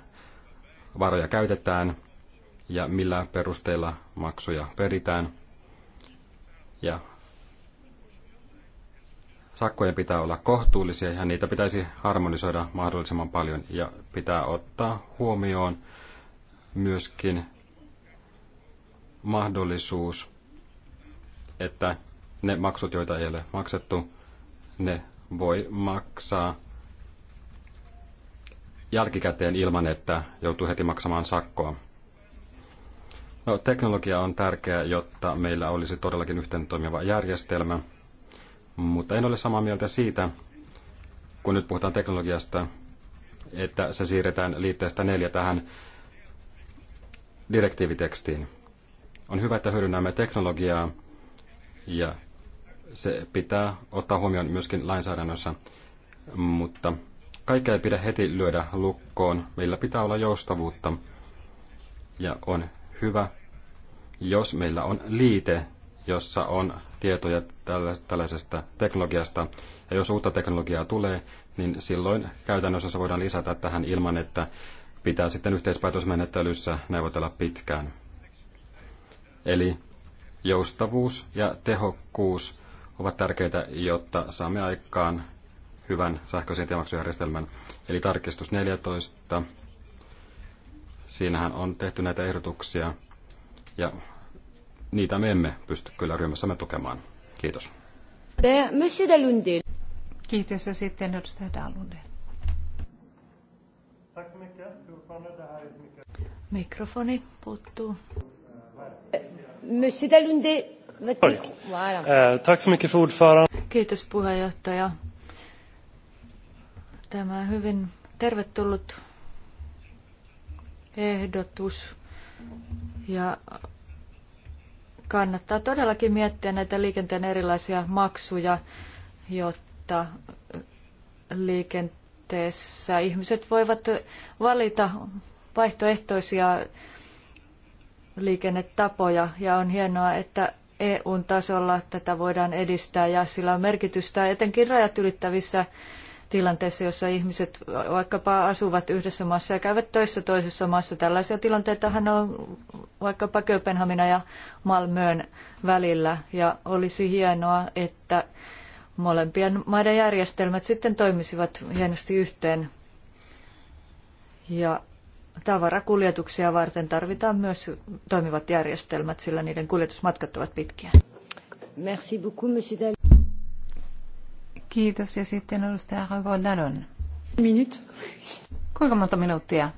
varoja käytetään ja millä perusteilla maksuja peritään. Ja sakkojen pitää olla kohtuullisia ja niitä pitäisi harmonisoida mahdollisimman paljon ja pitää ottaa huomioon myöskin mahdollisuus, että ne maksut, joita ei ole maksettu, ne voi maksaa jälkikäteen ilman, että joutuu heti maksamaan sakkoa. No, teknologia on tärkeä, jotta meillä olisi todellakin yhteen toimiva järjestelmä, mutta en ole samaa mieltä siitä, kun nyt puhutaan teknologiasta, että se siirretään liitteestä neljä tähän direktiivitekstiin. On hyvä, että hyödynnämme teknologiaa ja se pitää ottaa huomioon myöskin lainsäädännössä, mutta kaikkea ei pidä heti lyödä lukkoon. Meillä pitää olla joustavuutta ja on hyvä, jos meillä on liite, jossa on tietoja tällaisesta teknologiasta, ja jos uutta teknologiaa tulee, niin silloin käytännössä se voidaan lisätä tähän ilman, että pitää sitten yhteispäätösmenettelyssä neuvotella pitkään. Eli joustavuus ja tehokkuus ovat tärkeitä, jotta saamme aikaan hyvän sähköisen tiemaksujärjestelmän. Eli tarkistus 14. Siinähän on tehty näitä ehdotuksia ja niitä me emme pysty kyllä ryhmässämme tukemaan. Kiitos. Monsieur Kiitos ja sitten edustaja Dalunde. Mikrofoni puuttuu. Monsieur Dalunde. Eh, tack så mycket för ordförande. Kiitos puheenjohtaja. Tämä on hyvin tervetullut ehdotus ja kannattaa todellakin miettiä näitä liikenteen erilaisia maksuja, jotta liikenteessä ihmiset voivat valita vaihtoehtoisia liikennetapoja ja on hienoa, että eu tasolla tätä voidaan edistää ja sillä on merkitystä etenkin rajat ylittävissä tilanteessa, jossa ihmiset vaikkapa asuvat yhdessä maassa ja käyvät töissä toisessa maassa. Tällaisia tilanteitahan on vaikkapa Kööpenhamina ja Malmöön välillä ja olisi hienoa, että molempien maiden järjestelmät sitten toimisivat hienosti yhteen. Ja tavarakuljetuksia varten tarvitaan myös toimivat järjestelmät, sillä niiden kuljetusmatkat ovat pitkiä. Merci beaucoup, monsieur Kiitos ja sitten edustaja Vodanon. Minut. Kuinka monta minuuttia?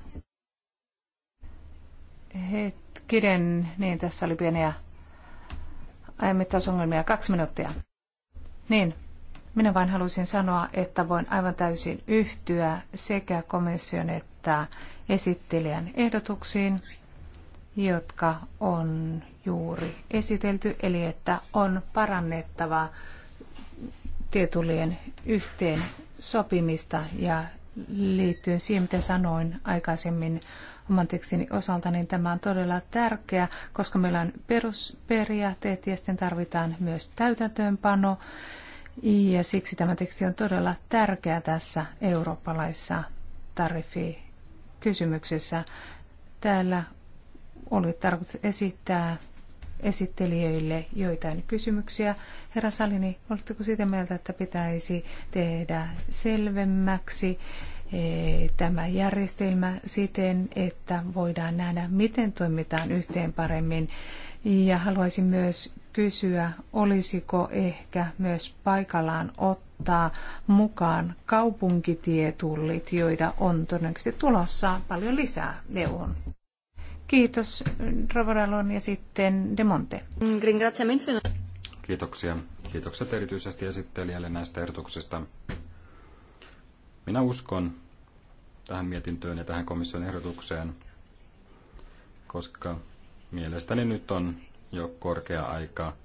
Hetkinen, niin tässä oli pieniä ajanmittausongelmia. Kaksi minuuttia. Niin, minä vain halusin sanoa, että voin aivan täysin yhtyä sekä komission että esittelijän ehdotuksiin, jotka on juuri esitelty, eli että on parannettava tietulien yhteen sopimista ja liittyen siihen, mitä sanoin aikaisemmin oman tekstini osalta, niin tämä on todella tärkeä, koska meillä on perusperiaatteet ja sitten tarvitaan myös täytäntöönpano. Ja siksi tämä teksti on todella tärkeä tässä eurooppalaisessa tariffikysymyksessä. Täällä oli tarkoitus esittää esittelijöille joitain kysymyksiä. Herra Salini, oletteko sitä mieltä, että pitäisi tehdä selvemmäksi eh, tämä järjestelmä siten, että voidaan nähdä, miten toimitaan yhteen paremmin. Ja haluaisin myös kysyä, olisiko ehkä myös paikallaan ottaa mukaan kaupunkitietullit, joita on todennäköisesti tulossa paljon lisää EUn Kiitos Rovoralon ja sitten Demonte. Kiitoksia. Kiitokset erityisesti esittelijälle näistä ehdotuksista. Minä uskon tähän mietintöön ja tähän komission ehdotukseen, koska mielestäni nyt on jo korkea aika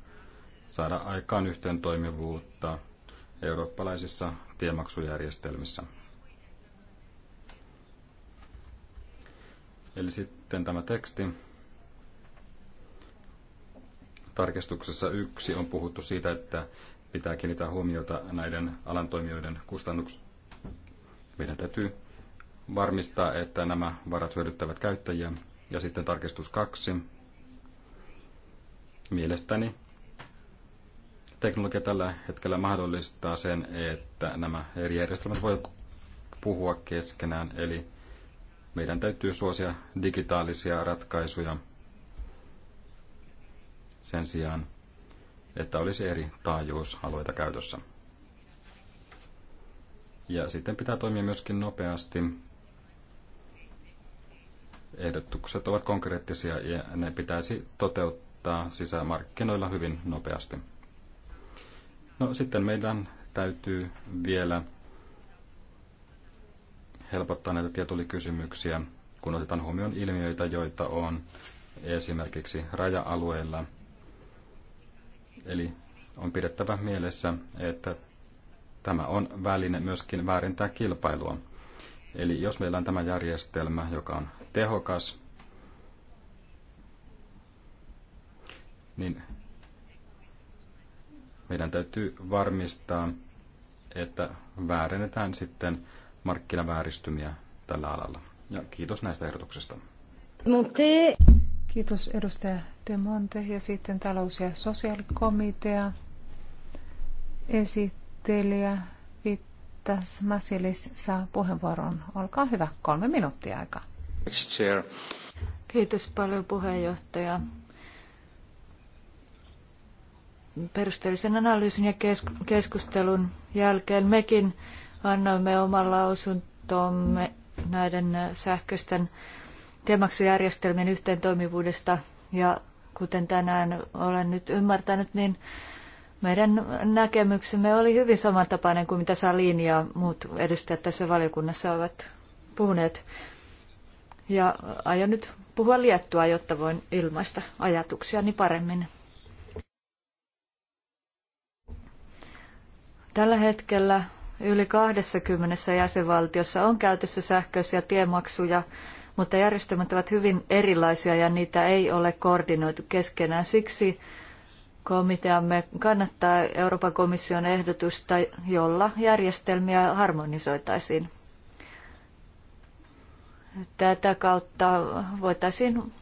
saada aikaan yhteen toimivuutta eurooppalaisissa tiemaksujärjestelmissä. Eli sitten. Sitten tämä teksti. Tarkistuksessa yksi on puhuttu siitä, että pitää kiinnittää huomiota näiden alan toimijoiden kustannuksiin. Meidän täytyy varmistaa, että nämä varat hyödyttävät käyttäjiä. Ja sitten tarkistus kaksi. Mielestäni teknologia tällä hetkellä mahdollistaa sen, että nämä eri järjestelmät voivat puhua keskenään, eli meidän täytyy suosia digitaalisia ratkaisuja sen sijaan, että olisi eri taajuusalueita käytössä. Ja sitten pitää toimia myöskin nopeasti. Ehdotukset ovat konkreettisia ja ne pitäisi toteuttaa sisämarkkinoilla hyvin nopeasti. No sitten meidän täytyy vielä helpottaa näitä tietulikysymyksiä, kun otetaan huomioon ilmiöitä, joita on esimerkiksi raja-alueilla. Eli on pidettävä mielessä, että tämä on väline myöskin väärintää kilpailua. Eli jos meillä on tämä järjestelmä, joka on tehokas, niin meidän täytyy varmistaa, että väärennetään sitten markkinavääristymiä tällä alalla. Ja kiitos näistä ehdotuksista. Monte. Kiitos edustaja De Monte ja sitten talous- ja sosiaalikomitea esittelijä Vittas Masilis saa puheenvuoron. Olkaa hyvä, kolme minuuttia aikaa. Kiitos paljon puheenjohtaja. Perusteellisen analyysin ja keskustelun jälkeen mekin annoimme oman lausuntomme näiden sähköisten tiemaksujärjestelmien yhteentoimivuudesta ja kuten tänään olen nyt ymmärtänyt, niin meidän näkemyksemme oli hyvin samantapainen kuin mitä Salin ja muut edustajat tässä valiokunnassa ovat puhuneet. Ja aion nyt puhua liettua, jotta voin ilmaista ajatuksiani paremmin. Tällä hetkellä Yli 20 jäsenvaltiossa on käytössä sähköisiä tiemaksuja, mutta järjestelmät ovat hyvin erilaisia ja niitä ei ole koordinoitu keskenään. Siksi komiteamme kannattaa Euroopan komission ehdotusta, jolla järjestelmiä harmonisoitaisiin. Tätä kautta voitaisiin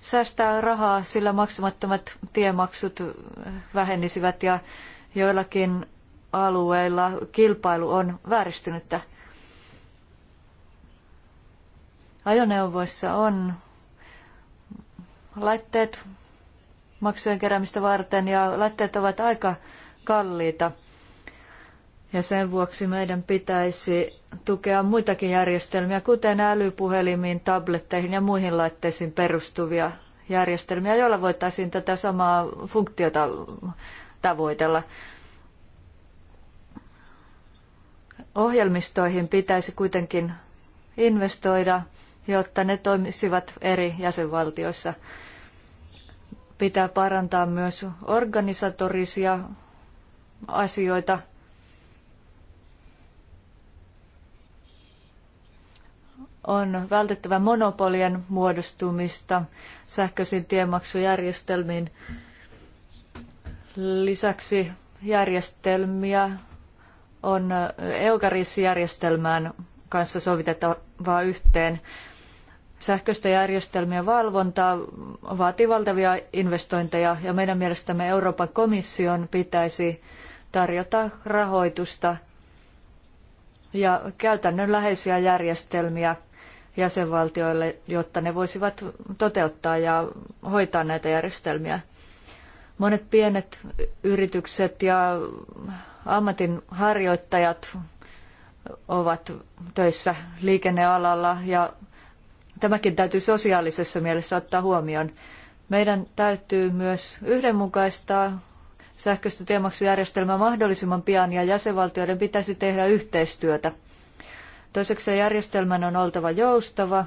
säästää rahaa, sillä maksamattomat tiemaksut vähenisivät ja joillakin alueilla kilpailu on vääristynyttä. Ajoneuvoissa on laitteet maksujen keräämistä varten ja laitteet ovat aika kalliita. Ja sen vuoksi meidän pitäisi tukea muitakin järjestelmiä, kuten älypuhelimiin, tabletteihin ja muihin laitteisiin perustuvia järjestelmiä, joilla voitaisiin tätä samaa funktiota tavoitella. Ohjelmistoihin pitäisi kuitenkin investoida, jotta ne toimisivat eri jäsenvaltioissa. Pitää parantaa myös organisatorisia asioita. On vältettävä monopolien muodostumista sähköisiin tiemaksujärjestelmiin. Lisäksi järjestelmiä on EUCARIS-järjestelmään kanssa sovitettava yhteen. Sähköisten järjestelmien valvonta vaatii valtavia investointeja ja meidän mielestämme Euroopan komission pitäisi tarjota rahoitusta ja käytännönläheisiä järjestelmiä jäsenvaltioille, jotta ne voisivat toteuttaa ja hoitaa näitä järjestelmiä. Monet pienet yritykset ja ammatin harjoittajat ovat töissä liikennealalla ja tämäkin täytyy sosiaalisessa mielessä ottaa huomioon. Meidän täytyy myös yhdenmukaistaa sähköistä tiemaksujärjestelmää mahdollisimman pian ja jäsenvaltioiden pitäisi tehdä yhteistyötä. Toiseksi järjestelmän on oltava joustava.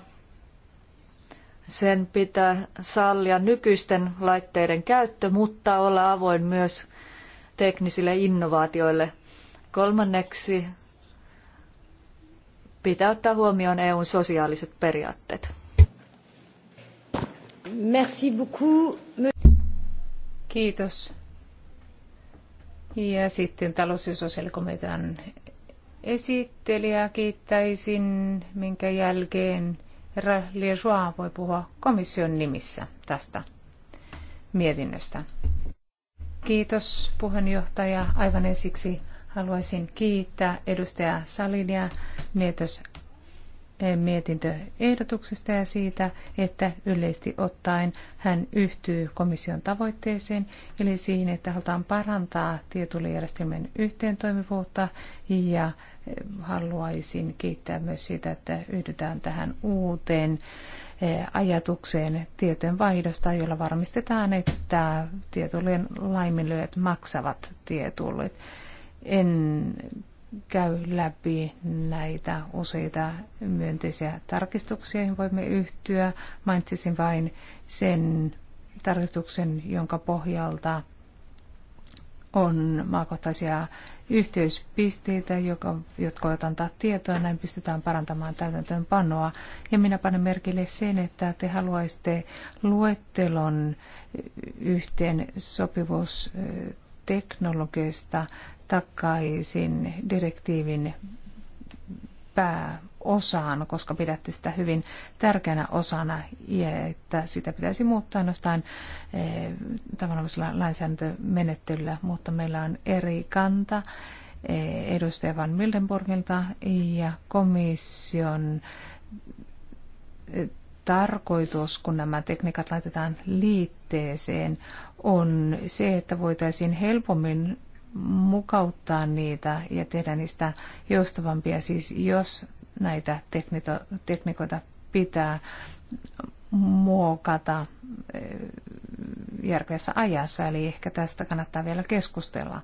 Sen pitää sallia nykyisten laitteiden käyttö, mutta olla avoin myös teknisille innovaatioille. Kolmanneksi pitää ottaa huomioon EUn sosiaaliset periaatteet. Merci beaucoup. Kiitos. Ja sitten talous- ja sosiaalikomitean esittelijää kiittäisin, minkä jälkeen herra Liesua voi puhua komission nimissä tästä mietinnöstä. Kiitos puheenjohtaja. Aivan ensiksi haluaisin kiittää edustaja Salinia mietos, eh, mietintöehdotuksesta ja siitä, että yleisesti ottaen hän yhtyy komission tavoitteeseen, eli siihen, että halutaan parantaa tietulijärjestelmän yhteentoimivuutta ja eh, haluaisin kiittää myös siitä, että yhdytään tähän uuteen Eh, ajatukseen tietojen vaihdosta, jolla varmistetaan, että tietulien laiminlyöt maksavat tietullit. En käy läpi näitä useita myönteisiä tarkistuksia, joihin voimme yhtyä. Mainitsisin vain sen tarkistuksen, jonka pohjalta on maakohtaisia yhteyspisteitä, joka, jotka voivat antaa tietoa, näin pystytään parantamaan täytäntöönpanoa. Ja minä panen merkille sen, että te haluaisitte luettelon yhteen sopivuusteknologiasta takaisin direktiivin pääosaan, koska pidätte sitä hyvin tärkeänä osana, ja että sitä pitäisi muuttaa ainoastaan e, eh, tavallaan lainsäädäntömenettelyllä, mutta meillä on eri kanta eh, edustaja Van Mildenburgilta ja komission eh, tarkoitus, kun nämä tekniikat laitetaan liitteeseen, on se, että voitaisiin helpommin mukauttaa niitä ja tehdä niistä joustavampia, siis jos näitä teknito- teknikoita pitää muokata eh, järkevässä ajassa, eli ehkä tästä kannattaa vielä keskustella.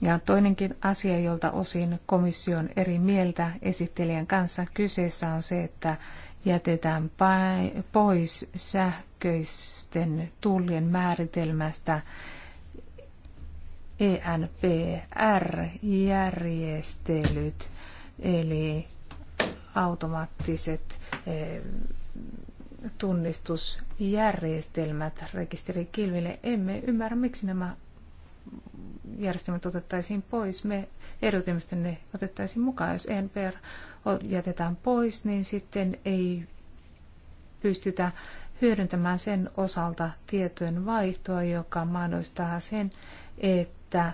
Ja toinenkin asia, jolta osin komission eri mieltä esittelijän kanssa kyseessä on se, että jätetään pois sähköisten tullien määritelmästä ENPR-järjestelyt, eli automaattiset e, tunnistusjärjestelmät rekisterikilville. Emme ymmärrä, miksi nämä järjestelmät otettaisiin pois. Me ehdotimme, että ne otettaisiin mukaan. Jos ENPR jätetään pois, niin sitten ei pystytä hyödyntämään sen osalta tietojen vaihtoa, joka mahdollistaa sen, että että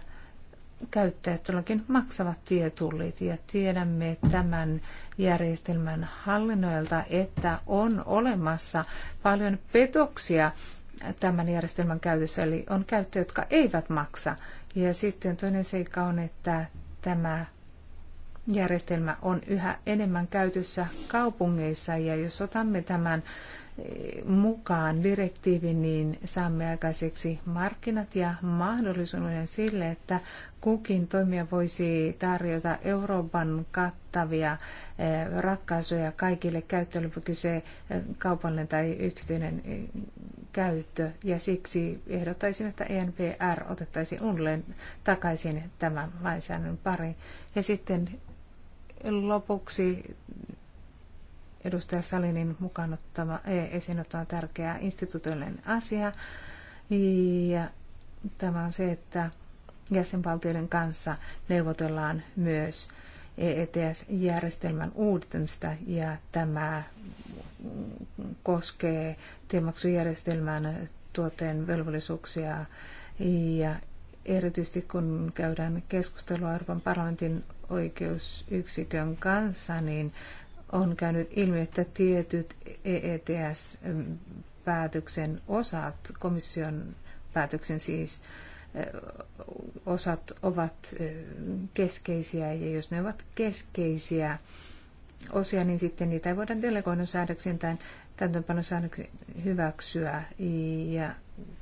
käyttäjät todellakin maksavat tietullit ja tiedämme tämän järjestelmän hallinnoilta, että on olemassa paljon petoksia tämän järjestelmän käytössä, eli on käyttäjät, jotka eivät maksa. Ja sitten toinen seikka on, että tämä järjestelmä on yhä enemmän käytössä kaupungeissa ja jos otamme tämän mukaan direktiivin, niin saamme aikaiseksi markkinat ja mahdollisuuden sille, että kukin toimija voisi tarjota Euroopan kattavia eh, ratkaisuja kaikille käyttöön, kyse eh, kaupallinen tai yksityinen eh, käyttö. Ja siksi ehdottaisin, että ENPR otettaisiin uudelleen takaisin tämän lainsäädännön pariin. Ja sitten lopuksi edustaja Salinin mukaan ottama, esiin ottama tärkeä instituutiollinen asia. Ja tämä on se, että jäsenvaltioiden kanssa neuvotellaan myös EETS-järjestelmän uudistamista ja tämä koskee tiemaksujärjestelmän tuoteen velvollisuuksia ja erityisesti kun käydään keskustelua Euroopan parlamentin oikeusyksikön kanssa, niin on käynyt ilmi, että tietyt EETS-päätöksen osat, komission päätöksen siis, osat ovat keskeisiä ja jos ne ovat keskeisiä osia, niin sitten niitä ei voida delegoinnon säädöksiin tai säädöksiin hyväksyä ja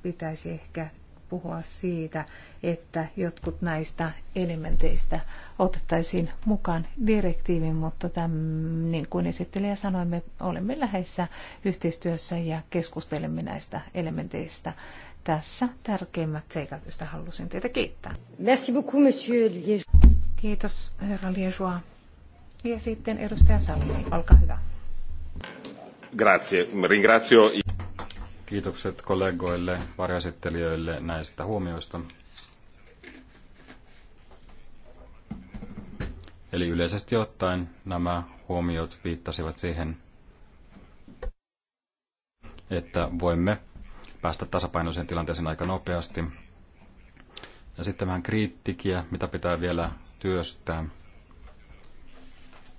pitäisi ehkä puhua siitä, että jotkut näistä elementeistä otettaisiin mukaan direktiivin, mutta tämän, niin kuin esittelijä sanoi, me olemme läheisessä yhteistyössä ja keskustelemme näistä elementeistä. Tässä tärkeimmät seikat, joista halusin teitä kiittää. Merci beaucoup, monsieur Liégeois. Kiitos, herra Liégeois. Ja sitten edustaja Salmi, olkaa hyvä. Grazie. Ringrazio... Kiitokset kollegoille, varjoesittelijöille näistä huomioista. Eli yleisesti ottaen nämä huomiot viittasivat siihen, että voimme päästä tasapainoiseen tilanteeseen aika nopeasti. Ja sitten vähän kriittikiä, mitä pitää vielä työstää.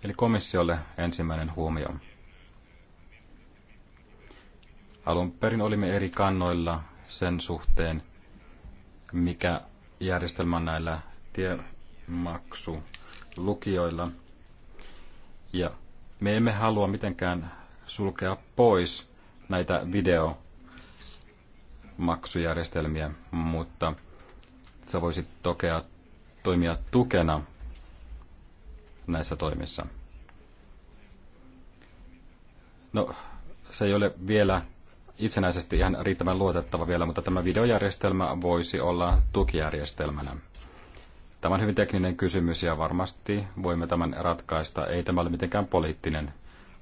Eli komissiolle ensimmäinen huomio. Alun perin olimme eri kannoilla sen suhteen, mikä järjestelmä näillä lukioilla. Ja me emme halua mitenkään sulkea pois näitä videomaksujärjestelmiä, mutta sä voisit tokea, toimia tukena näissä toimissa. No, se ei ole vielä itsenäisesti ihan riittävän luotettava vielä, mutta tämä videojärjestelmä voisi olla tukijärjestelmänä. Tämä on hyvin tekninen kysymys ja varmasti voimme tämän ratkaista. Ei tämä ole mitenkään poliittinen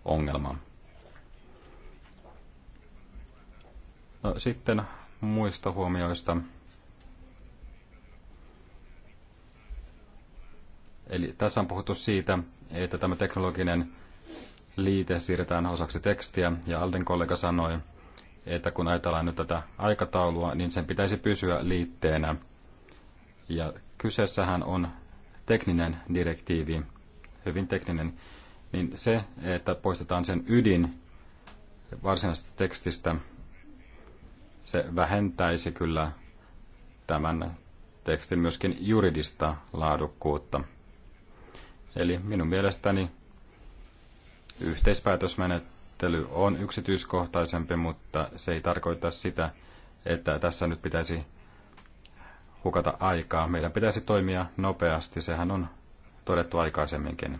ongelma. No, sitten muista huomioista. Eli tässä on puhuttu siitä, että tämä teknologinen liite siirretään osaksi tekstiä, ja Alden kollega sanoi, että kun ajatellaan nyt tätä aikataulua, niin sen pitäisi pysyä liitteenä. Ja kyseessähän on tekninen direktiivi, hyvin tekninen, niin se, että poistetaan sen ydin varsinaisesta tekstistä, se vähentäisi kyllä tämän tekstin myöskin juridista laadukkuutta. Eli minun mielestäni yhteispäätösmenettely käsittely on yksityiskohtaisempi, mutta se ei tarkoita sitä, että tässä nyt pitäisi hukata aikaa. Meidän pitäisi toimia nopeasti, sehän on todettu aikaisemminkin.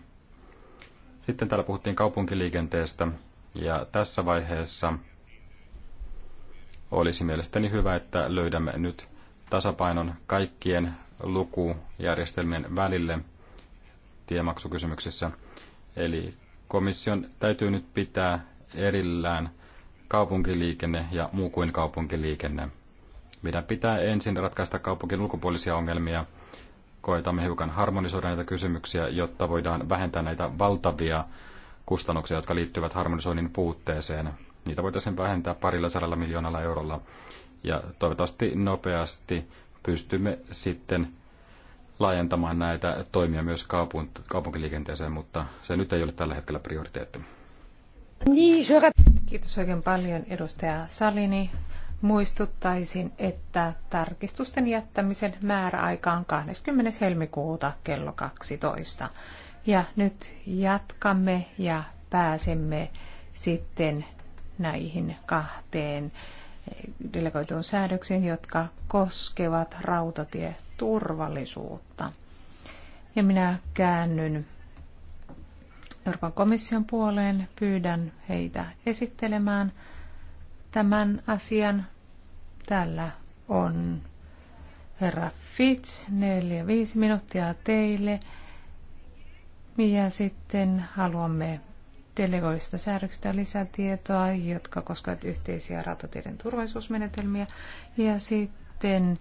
Sitten täällä puhuttiin kaupunkiliikenteestä ja tässä vaiheessa olisi mielestäni hyvä, että löydämme nyt tasapainon kaikkien lukujärjestelmien välille tiemaksukysymyksissä. Eli komission täytyy nyt pitää erillään kaupunkiliikenne ja muu kuin kaupunkiliikenne. Meidän pitää ensin ratkaista kaupunkin ulkopuolisia ongelmia. Koetamme hiukan harmonisoida näitä kysymyksiä, jotta voidaan vähentää näitä valtavia kustannuksia, jotka liittyvät harmonisoinnin puutteeseen. Niitä voitaisiin vähentää parilla sadalla miljoonalla eurolla. Ja toivottavasti nopeasti pystymme sitten laajentamaan näitä toimia myös kaupunkiliikenteeseen, mutta se nyt ei ole tällä hetkellä prioriteetti. Kiitos oikein paljon edustaja Salini. Muistuttaisin, että tarkistusten jättämisen määräaika on 20. helmikuuta kello 12. Ja nyt jatkamme ja pääsemme sitten näihin kahteen delegoituun säädöksiin, jotka koskevat rautatieturvallisuutta. Ja minä käännyn Euroopan komission puoleen. Pyydän heitä esittelemään tämän asian. Tällä on herra Fitz, 4-5 minuuttia teille. Ja sitten haluamme delegoista säädöksistä lisätietoa, jotka koskevat yhteisiä rautateiden turvallisuusmenetelmiä. Ja sitten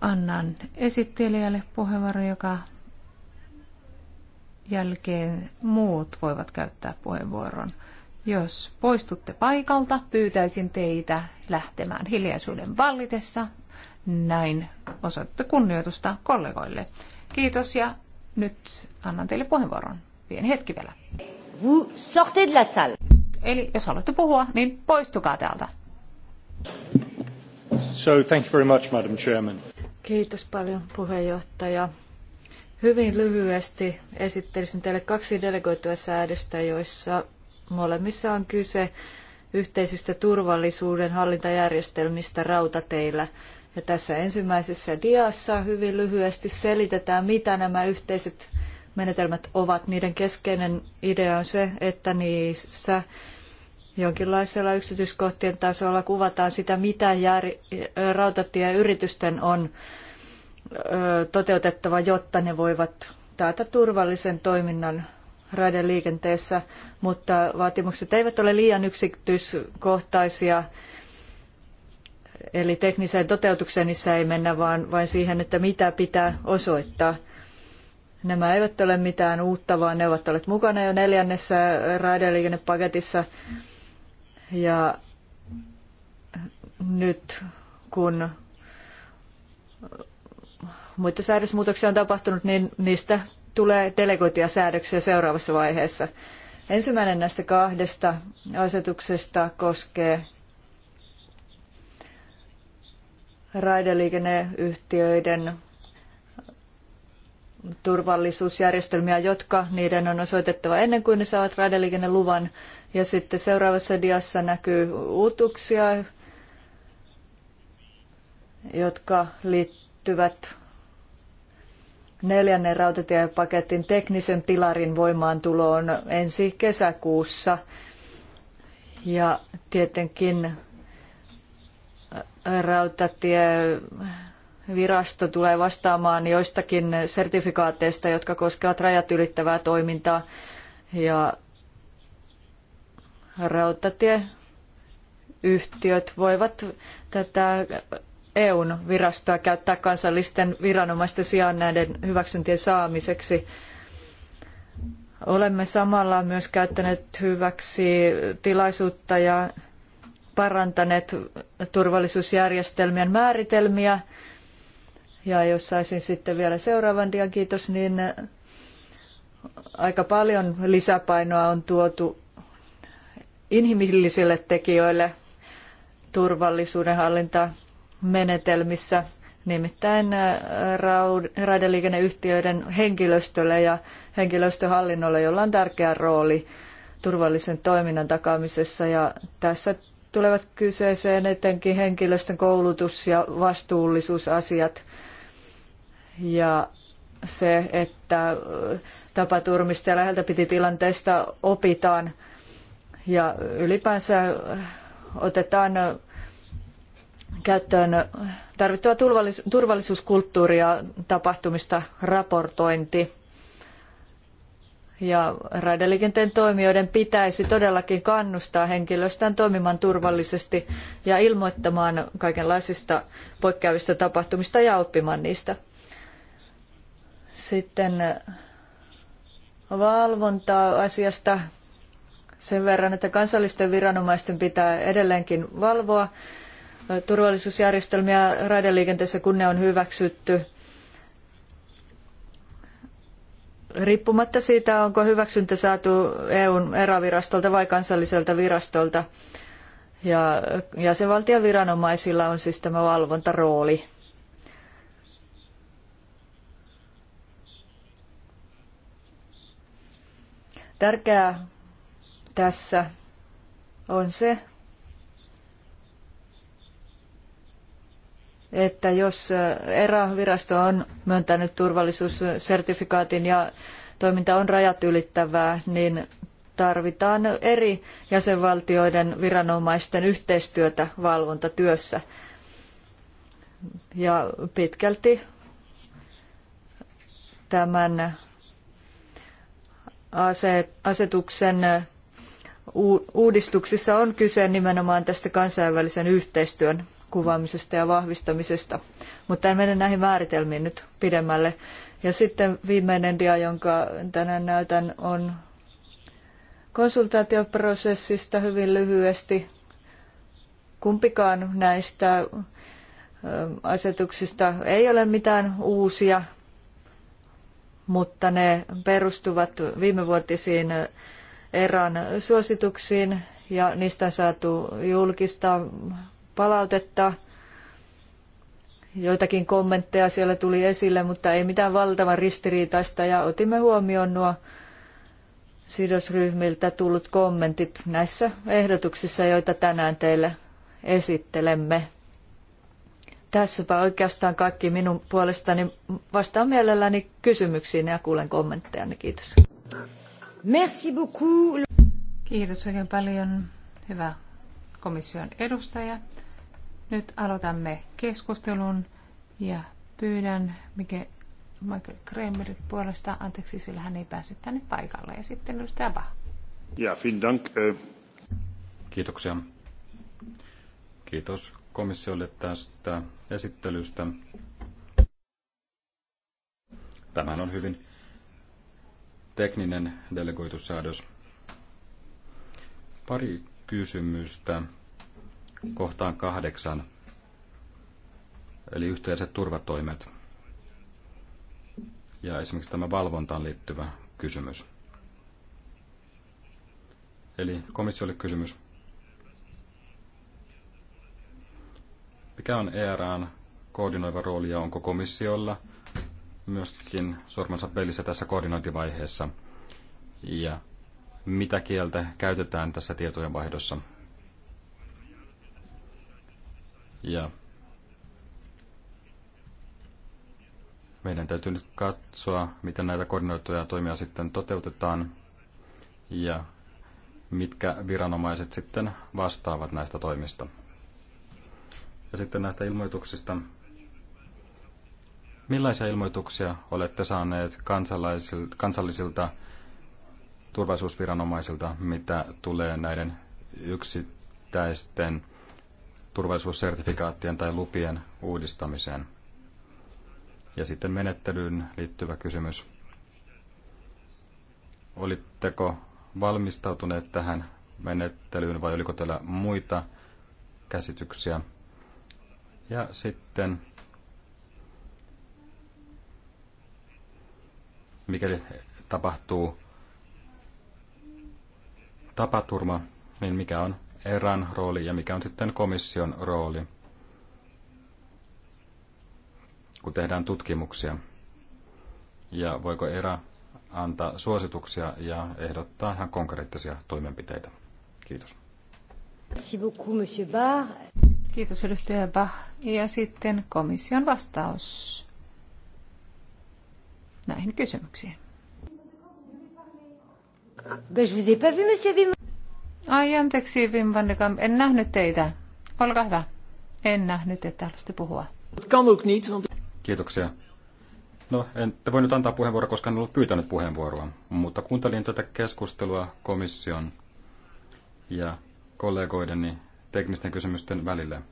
annan esittelijälle puheenvuoron, joka jälkeen muut voivat käyttää puheenvuoron. Jos poistutte paikalta, pyytäisin teitä lähtemään hiljaisuuden vallitessa. Näin osoitte kunnioitusta kollegoille. Kiitos ja nyt annan teille puheenvuoron. Pieni hetki vielä. Vous sortez de la salle. Eli jos haluatte puhua, niin poistukaa täältä. So, thank you very much, Madam Chairman. Kiitos paljon puheenjohtaja. Hyvin lyhyesti esittelisin teille kaksi delegoitua säädöstä, joissa molemmissa on kyse yhteisistä turvallisuuden hallintajärjestelmistä rautateillä. Ja tässä ensimmäisessä diassa hyvin lyhyesti selitetään, mitä nämä yhteiset menetelmät ovat. Niiden keskeinen idea on se, että niissä jonkinlaisella yksityiskohtien tasolla kuvataan sitä, mitä jär- rautatieyritysten on toteutettava, jotta ne voivat taata turvallisen toiminnan raideliikenteessä, mutta vaatimukset eivät ole liian yksityiskohtaisia. Eli tekniseen toteutukseen niissä ei mennä, vaan vain siihen, että mitä pitää osoittaa. Nämä eivät ole mitään uutta, vaan ne ovat olleet mukana jo neljännessä raideliikennepaketissa. Ja nyt kun muita säädösmuutoksia on tapahtunut, niin niistä tulee delegoituja säädöksiä seuraavassa vaiheessa. Ensimmäinen näistä kahdesta asetuksesta koskee raideliikenneyhtiöiden turvallisuusjärjestelmiä, jotka niiden on osoitettava ennen kuin ne saavat raideliikenneluvan. Ja sitten seuraavassa diassa näkyy uutuksia, jotka liittyvät neljännen rautatiepaketin teknisen pilarin voimaantulo on ensi kesäkuussa. Ja tietenkin äh, rautatievirasto tulee vastaamaan joistakin sertifikaateista, jotka koskevat rajat ylittävää toimintaa. Ja rautatieyhtiöt voivat tätä EUn virastoa käyttää kansallisten viranomaisten sijaan näiden hyväksyntien saamiseksi. Olemme samalla myös käyttäneet hyväksi tilaisuutta ja parantaneet turvallisuusjärjestelmien määritelmiä. Ja jos saisin sitten vielä seuraavan dian, kiitos, niin aika paljon lisäpainoa on tuotu inhimillisille tekijöille turvallisuuden hallinta menetelmissä, nimittäin äh, raideliikenneyhtiöiden henkilöstölle ja henkilöstöhallinnolle, jolla on tärkeä rooli turvallisen toiminnan takaamisessa. Ja tässä tulevat kyseeseen etenkin henkilöstön koulutus- ja vastuullisuusasiat ja se, että äh, tapaturmista ja läheltä piti tilanteista opitaan ja ylipäänsä äh, otetaan käyttöön tarvittava turvallisuuskulttuuri ja tapahtumista raportointi. Ja raideliikenteen toimijoiden pitäisi todellakin kannustaa henkilöstään toimimaan turvallisesti ja ilmoittamaan kaikenlaisista poikkeavista tapahtumista ja oppimaan niistä. Sitten valvonta-asiasta sen verran, että kansallisten viranomaisten pitää edelleenkin valvoa turvallisuusjärjestelmiä raideliikenteessä, kun ne on hyväksytty. Riippumatta siitä, onko hyväksyntä saatu EUn erävirastolta vai kansalliselta virastolta. Ja jäsenvaltion viranomaisilla on siis tämä valvontarooli. Tärkeää tässä on se, että jos äh, erävirasto on myöntänyt turvallisuussertifikaatin ja toiminta on rajat ylittävää, niin tarvitaan eri jäsenvaltioiden viranomaisten yhteistyötä valvontatyössä. Ja pitkälti tämän asetuksen uudistuksissa on kyse nimenomaan tästä kansainvälisen yhteistyön kuvaamisesta ja vahvistamisesta. Mutta en mene näihin määritelmiin nyt pidemmälle. Ja sitten viimeinen dia, jonka tänään näytän, on konsultaatioprosessista hyvin lyhyesti. Kumpikaan näistä asetuksista ei ole mitään uusia, mutta ne perustuvat viimevuotisiin erään suosituksiin ja niistä on saatu julkista palautetta. Joitakin kommentteja siellä tuli esille, mutta ei mitään valtavan ristiriitaista ja otimme huomioon nuo sidosryhmiltä tullut kommentit näissä ehdotuksissa, joita tänään teille esittelemme. Tässäpä oikeastaan kaikki minun puolestani. Vastaan mielelläni kysymyksiin ja kuulen kommenttejanne. Kiitos. Merci beaucoup. Kiitos oikein paljon, hyvä komission edustaja. Nyt aloitamme keskustelun ja pyydän mikä Michael Kramer puolesta, anteeksi sillä hän ei päässyt tänne paikalle, ja sitten edustaja Bach. Ja, vielen dank. Äh. Kiitoksia. Kiitos komissiolle tästä esittelystä. Tämähän on hyvin tekninen delegoitussäädös. Pari kysymystä kohtaan kahdeksan, eli yhteiset turvatoimet ja esimerkiksi tämä valvontaan liittyvä kysymys. Eli komissiolle kysymys. Mikä on ERAn koordinoiva rooli ja onko komissiolla myöskin sormansa pelissä tässä koordinointivaiheessa? Ja mitä kieltä käytetään tässä tietojenvaihdossa? Ja meidän täytyy nyt katsoa, miten näitä koordinoituja toimia sitten toteutetaan ja mitkä viranomaiset sitten vastaavat näistä toimista. Ja sitten näistä ilmoituksista. Millaisia ilmoituksia olette saaneet kansallisilta turvallisuusviranomaisilta, mitä tulee näiden yksittäisten turvallisuussertifikaattien tai lupien uudistamiseen. Ja sitten menettelyyn liittyvä kysymys. Olitteko valmistautuneet tähän menettelyyn vai oliko teillä muita käsityksiä? Ja sitten, mikäli tapahtuu tapaturma, niin mikä on erän rooli ja mikä on sitten komission rooli, kun tehdään tutkimuksia. Ja voiko erä antaa suosituksia ja ehdottaa ihan konkreettisia toimenpiteitä. Kiitos. Kiitos edustaja Bach. Ja sitten komission vastaus näihin kysymyksiin. Ben, je vous ai pas vu, monsieur Vimon. Ai anteeksi, Wim van de Kamp, en nähnyt teitä. Olkaa hyvä. En nähnyt, että haluaisitte puhua. Kiitoksia. No, en te voi nyt antaa puheenvuoroa, koska en ollut pyytänyt puheenvuoroa, mutta kuuntelin tätä keskustelua komission ja kollegoideni teknisten kysymysten välillä.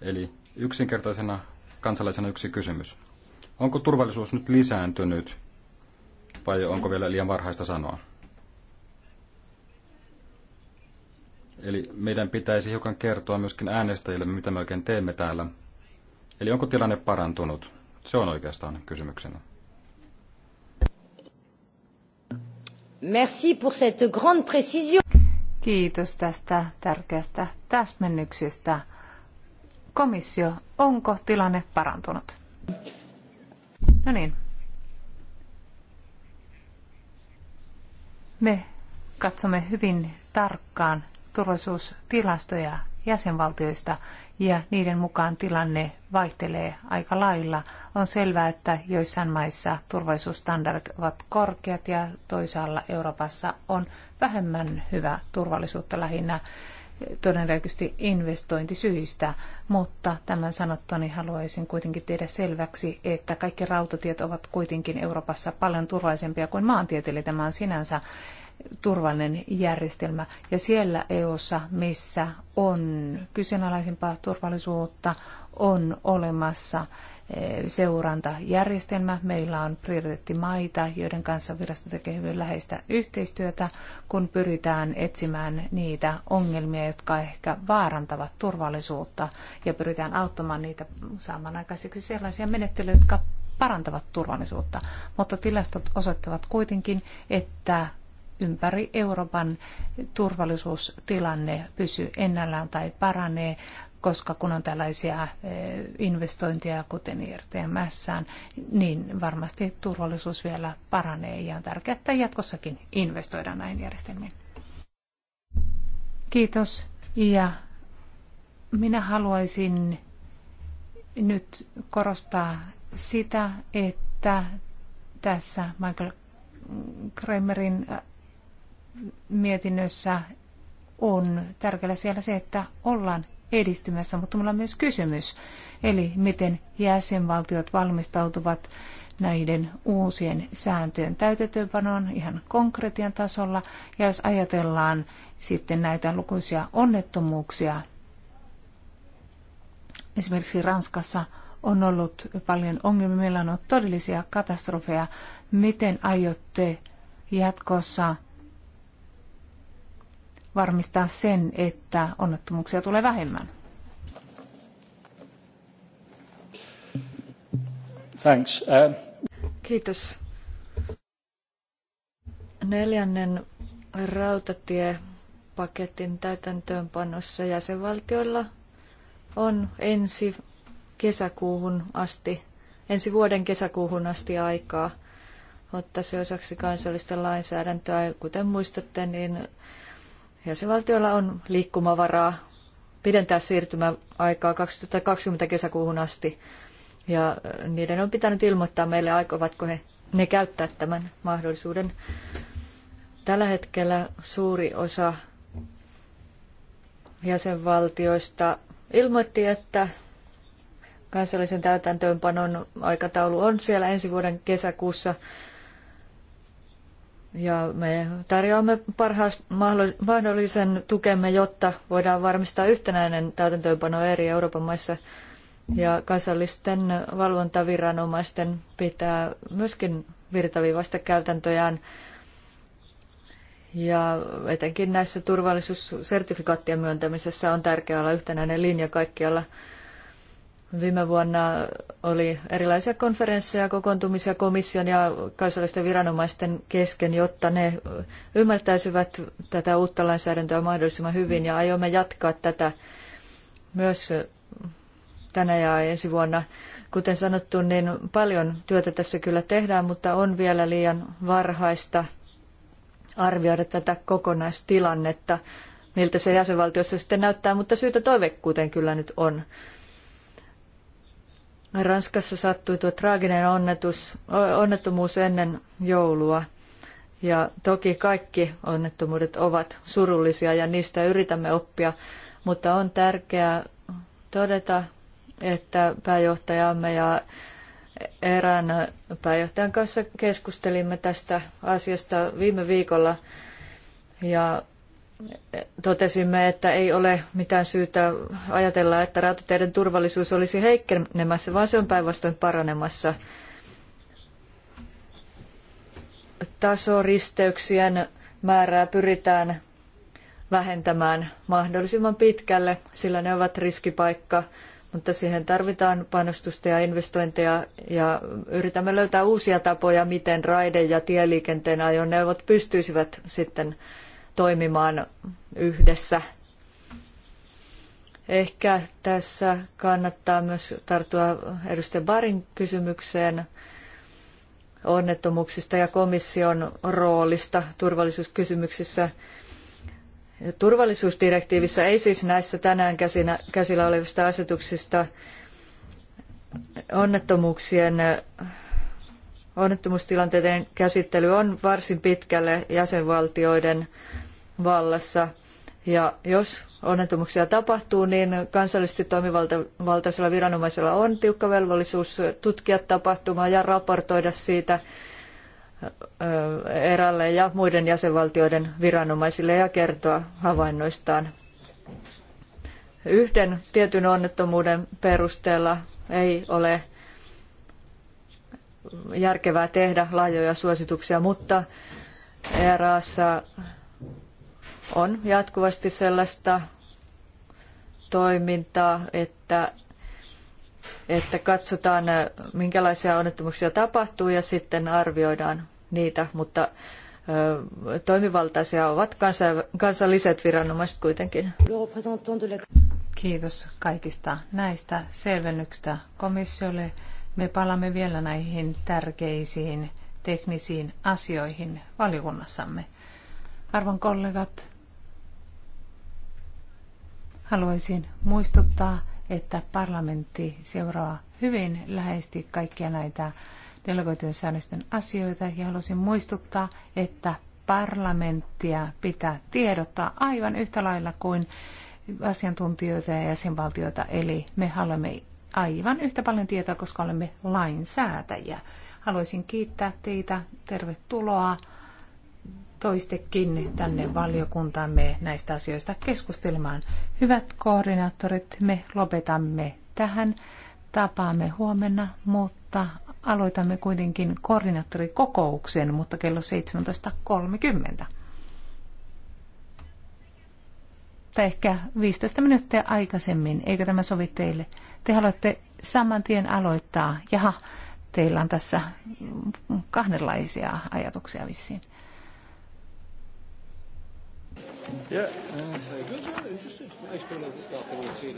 Eli yksinkertaisena kansalaisena yksi kysymys. Onko turvallisuus nyt lisääntynyt vai onko vielä liian varhaista sanoa? Eli meidän pitäisi hiukan kertoa myöskin äänestäjille, mitä me oikein teemme täällä. Eli onko tilanne parantunut? Se on oikeastaan kysymyksenä. Merci pour cette grande précision. Kiitos tästä tärkeästä täsmennyksestä. Komissio, onko tilanne parantunut? No niin. Me katsomme hyvin tarkkaan turvallisuustilastoja jäsenvaltioista ja niiden mukaan tilanne vaihtelee aika lailla. On selvää, että joissain maissa turvallisuusstandardit ovat korkeat ja toisaalla Euroopassa on vähemmän hyvä turvallisuutta lähinnä todennäköisesti investointisyistä, mutta tämän sanottoni haluaisin kuitenkin tehdä selväksi, että kaikki rautatiet ovat kuitenkin Euroopassa paljon turvallisempia kuin maantiet, eli tämä on sinänsä turvallinen järjestelmä. Ja siellä EU:ssa, missä on kyseenalaisempaa turvallisuutta, on olemassa eh, seurantajärjestelmä. Meillä on prioriteettimaita, joiden kanssa virasto tekee hyvin läheistä yhteistyötä, kun pyritään etsimään niitä ongelmia, jotka ehkä vaarantavat turvallisuutta ja pyritään auttamaan niitä saamaan aikaiseksi sellaisia menettelyjä, jotka parantavat turvallisuutta. Mutta tilastot osoittavat kuitenkin, että ympäri Euroopan turvallisuustilanne pysyy ennallaan tai paranee, koska kun on tällaisia eh, investointeja, kuten IRTMS, niin varmasti turvallisuus vielä paranee ja on tärkeää, että jatkossakin investoidaan näihin järjestelmiin. Kiitos. Ja minä haluaisin nyt korostaa sitä, että tässä Michael Kremerin mietinnössä on tärkeää siellä se, että ollaan edistymässä, mutta minulla on myös kysymys, eli miten jäsenvaltiot valmistautuvat näiden uusien sääntöjen täytetyönpanoon ihan konkretian tasolla. Ja jos ajatellaan sitten näitä lukuisia onnettomuuksia, esimerkiksi Ranskassa on ollut paljon ongelmia, meillä on ollut todellisia katastrofeja. Miten aiotte jatkossa varmistaa sen, että onnettomuuksia tulee vähemmän. Thanks. Uh, Kiitos. Neljännen rautatiepaketin täytäntöönpanossa jäsenvaltioilla on ensi kesäkuuhun asti, ensi vuoden kesäkuuhun asti aikaa ottaa se osaksi kansallista lainsäädäntöä. Kuten muistatte, niin jäsenvaltioilla on liikkumavaraa pidentää siirtymäaikaa 2020 kesäkuuhun asti. Ja niiden on pitänyt ilmoittaa meille, aikovatko he ne käyttää tämän mahdollisuuden. Tällä hetkellä suuri osa jäsenvaltioista ilmoitti, että kansallisen täytäntöönpanon aikataulu on siellä ensi vuoden kesäkuussa ja me tarjoamme parhaan mahdollisen tukemme, jotta voidaan varmistaa yhtenäinen täytäntöönpano eri Euroopan maissa. Ja kansallisten valvontaviranomaisten pitää myöskin virtaviivasta käytäntöjään. Ja etenkin näissä turvallisuussertifikaattien myöntämisessä on tärkeää olla yhtenäinen linja kaikkialla Viime vuonna oli erilaisia konferensseja, kokoontumisia komission ja kansallisten viranomaisten kesken, jotta ne ymmärtäisivät tätä uutta lainsäädäntöä mahdollisimman hyvin ja aiomme jatkaa tätä myös tänä ja ensi vuonna. Kuten sanottu, niin paljon työtä tässä kyllä tehdään, mutta on vielä liian varhaista arvioida tätä kokonaistilannetta, miltä se jäsenvaltiossa sitten näyttää, mutta syytä toiveikkuuteen kyllä nyt on. Ranskassa sattui tuo traaginen onnetus, onnettomuus ennen joulua. Ja toki kaikki onnettomuudet ovat surullisia ja niistä yritämme oppia, mutta on tärkeää todeta, että pääjohtajamme ja erään pääjohtajan kanssa keskustelimme tästä asiasta viime viikolla ja totesimme, että ei ole mitään syytä ajatella, että rautateiden turvallisuus olisi heikkenemässä, vaan se on päinvastoin paranemassa. Tasoristeyksien määrää pyritään vähentämään mahdollisimman pitkälle, sillä ne ovat riskipaikka, mutta siihen tarvitaan panostusta ja investointeja ja yritämme löytää uusia tapoja, miten raide- ja tieliikenteen ajoneuvot pystyisivät sitten toimimaan yhdessä. Ehkä tässä kannattaa myös tarttua edustaja Barin kysymykseen onnettomuuksista ja komission roolista turvallisuuskysymyksissä. Turvallisuusdirektiivissä ei siis näissä tänään käsinä, käsillä olevista asetuksista onnettomuuksien Onnettomuustilanteiden käsittely on varsin pitkälle jäsenvaltioiden vallassa. Ja jos onnettomuuksia tapahtuu, niin kansallisesti toimivaltaisella viranomaisella on tiukka velvollisuus tutkia tapahtumaa ja raportoida siitä erälle ja muiden jäsenvaltioiden viranomaisille ja kertoa havainnoistaan. Yhden tietyn onnettomuuden perusteella ei ole järkevää tehdä laajoja suosituksia, mutta ERAssa on jatkuvasti sellaista toimintaa, että, että katsotaan, minkälaisia onnettomuuksia tapahtuu ja sitten arvioidaan niitä, mutta toimivaltaisia ovat kansalliset viranomaiset kuitenkin. Kiitos kaikista näistä selvennyksistä komissiolle. Me palaamme vielä näihin tärkeisiin teknisiin asioihin valiokunnassamme. Arvon kollegat, haluaisin muistuttaa, että parlamentti seuraa hyvin läheisesti kaikkia näitä delegoitujen säännösten asioita ja haluaisin muistuttaa, että parlamenttia pitää tiedottaa aivan yhtä lailla kuin asiantuntijoita ja jäsenvaltioita, eli me haluamme aivan yhtä paljon tietoa, koska olemme lainsäätäjiä. Haluaisin kiittää teitä. Tervetuloa toistekin tänne valiokuntaamme näistä asioista keskustelemaan. Hyvät koordinaattorit, me lopetamme tähän. Tapaamme huomenna, mutta aloitamme kuitenkin koordinaattorikokouksen, mutta kello 17.30. Tai ehkä 15 minuuttia aikaisemmin, eikö tämä sovi teille? Te haluatte saman tien aloittaa. Jaha, teillä on tässä kahdenlaisia ajatuksia vissiin. Yeah. Uh,